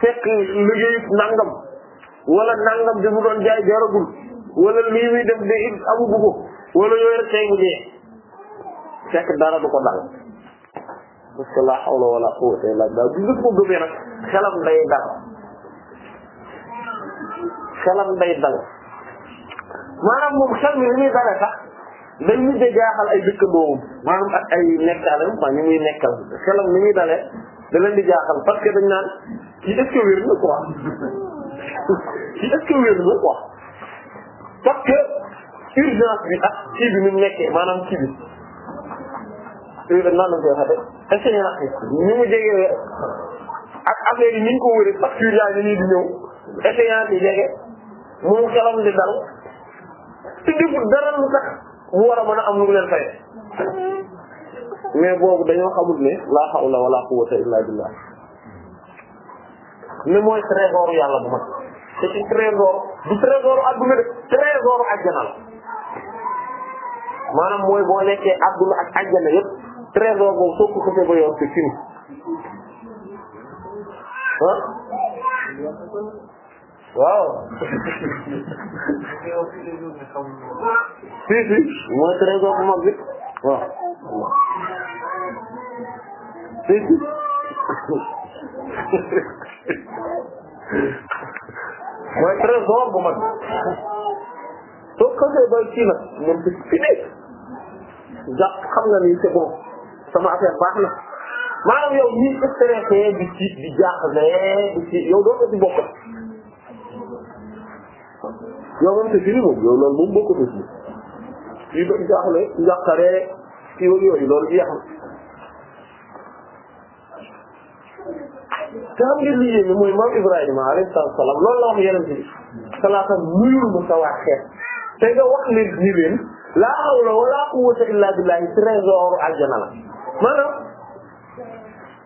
fekk liggéey nangam wala nangam bi mu doon jaay jaragul wala lii muy def de it amu ko wala yooyu rek tey mu dee fekk dara du ko dal parce que la hawla wala quwwata illa billah bu ngeen ko gëmee nag xelam day dal xelam day dal maanaam moom xel mi li muy dalee sax day mujj jaaxal ay dëkkandoom maanaam ak ay nekkaalam quoi ñu muy nekkal xelam ni muy dalee da leen di jaaxal parce que dañ naan kii est-ce wér na quoi kii est wér na quoi parce que urgence bi ak kii bi mu nekkee maanaam kii bi. nan lañ koy waxee échéance yi ni mu jege ak affaire yi ni ñu ko wëree facture yaa ngi nii di ñëw échéance yi jege mu xelam dal te deful dara lu tax mu war a mën a am lu fay mais boobu dañoo xamul ne laa hawla wala quwwata illa billah ne mooy trésor yàlla bu mag te ci trésor du trésor adduna de trésor ajjana la maanaam mooy boo nekkee adduna ak ajjana yépp trésor boobu soo ko xësee ba yor c'est fini ah waaw si si mooy trésor bu mag bi waaw si si mooy trésor bu mag soo xësee ba kii nag moom c'est fini sama affaire baax na maanaam yow ñi stressé di ci di jaaxle di ci yow doo ko ci bokk yow moom c'est fini moom yow loolu moom bokk na ci fii ba jaaxle njàqare kii wala yooyu loolu jeex na te xam ngeen li yéeme mooy maam Ibrahima alayhi salaam loolu la wax yeneen bi salaata nuyul ma sa waa xeet te nga wax leen ni leen laa hawla wala quwwata illa billahi trésor aljana la maanaam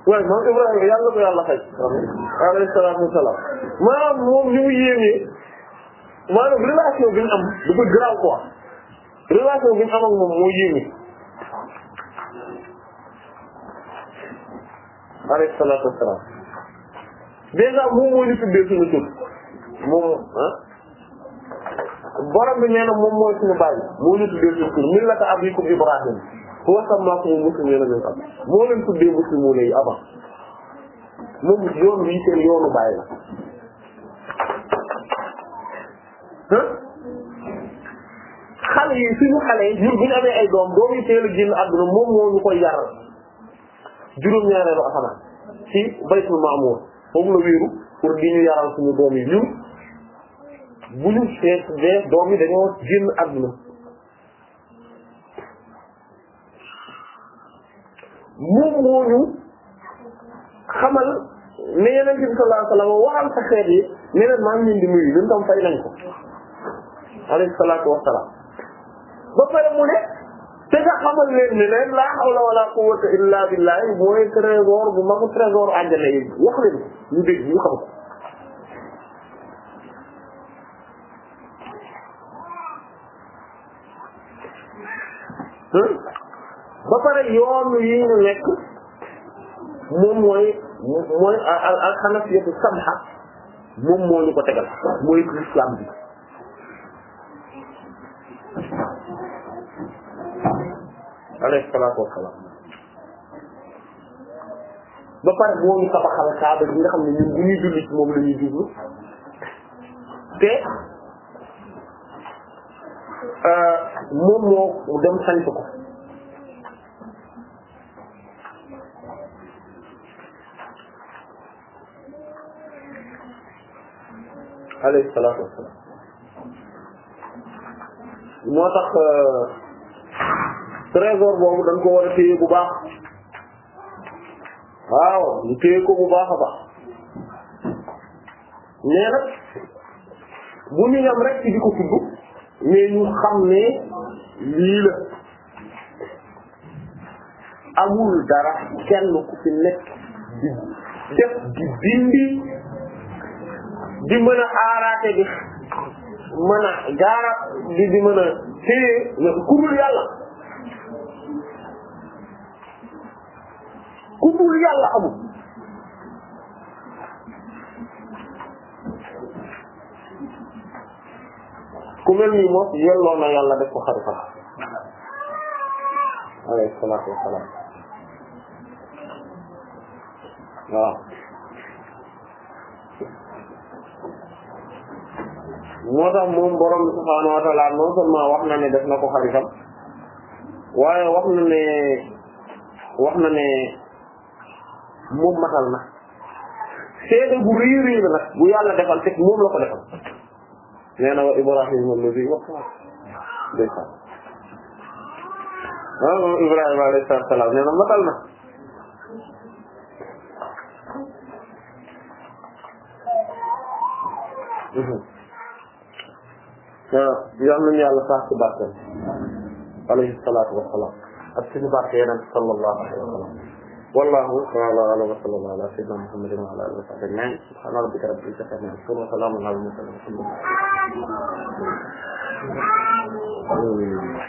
waaye moom Ibrahima yàlla ko yàlla xëy. alayhi salaatu wa salaam maanaam moom li mu yéemee maanaam relation bi ñu am dafa graw quoi relation bi ñu am ak moom moo yéemee. alayhi salaatu wa salaam déjà moom moo ñu tuddee suñu tur moom ah. borom bi nee na moom mooy suñu bàyyi moo ñu tuddee suñu tur millata abikum Ibrahim wa sammaakum muslimiina min moo leen tuddee muslimuuna yi avant moom yoon wi seen yoonu baay la xale yi suñu xale yi bu ñu amee ay doom doom yi teel a génn àdduna moom moo ñu koy yar juróom-ñaareelu asamaan ci baytul maamuur foofu la wéeru pour di ñu yaral suñu doom yi ñun bu ñu seet dee doom yi dañoo génn àdduna boobu moo ñu xamal ne yeneen bi sallallahu alayhi wa sallam waxal sa yi ne leen maa ngi leen di nuyu fay nañ ko alayhi salaatu wa ba pare mu ne te nga xamal leen ne leen laa hawla wala quwwata illa billah mooy trésor bu mag trésor àjjana yi wax leen ñu dégg ñu xam ko yoon yi ñu nekk moom mooy mooy al al xanafiyatu samha moom moo ñu ko tegal mooy islam bi alayhi salaatu ba pare moo ñu kaaba gi nga xam ne ñun bu ñuy julli moom la ñuy te euh, moom moo dem sant ko alayhi salaatu wassalaam moo tax euh, trésor boobu dañ ko war a téye bu baax waaw ñu téye ko bu baax a baax mais nag bu ñu yam rek ci di ko tudd mais xam ne lii dara kenn ku fi nekk di def di dindi di mën a aaraate di mën a gaara di di mën a téye kubul yàlla kubul yàlla amul ku mel ni moom yàlla def ko xarifa alayhi salaatu wasalaam waaw moo tax moom borom bi subhaanahu wa ta'ala non seulement ne def na ko xaritam waaye wax na ne wax na ne moom matal na seede bu rëy rëy la nag bu yàlla defal teg moom la ko defal nee na wa ibrahima allazi wafa ndeysaan ah moom ibrahima alayhi salaam nee na matal na Mm-hmm. yal nañu yàlla sax ci barkeem alayhi salaatu wa salaam ak suñu barke yeneen sallallahu alayhi wa sallam wallahu ta'ala a'lam wa sallallahu ala sayyidina muhammadin wa ala alihi wa sahbihi ajma'in subhana rabbika rabbil izzati amma yasifun wa salamun ala al mursalin alhamdulillah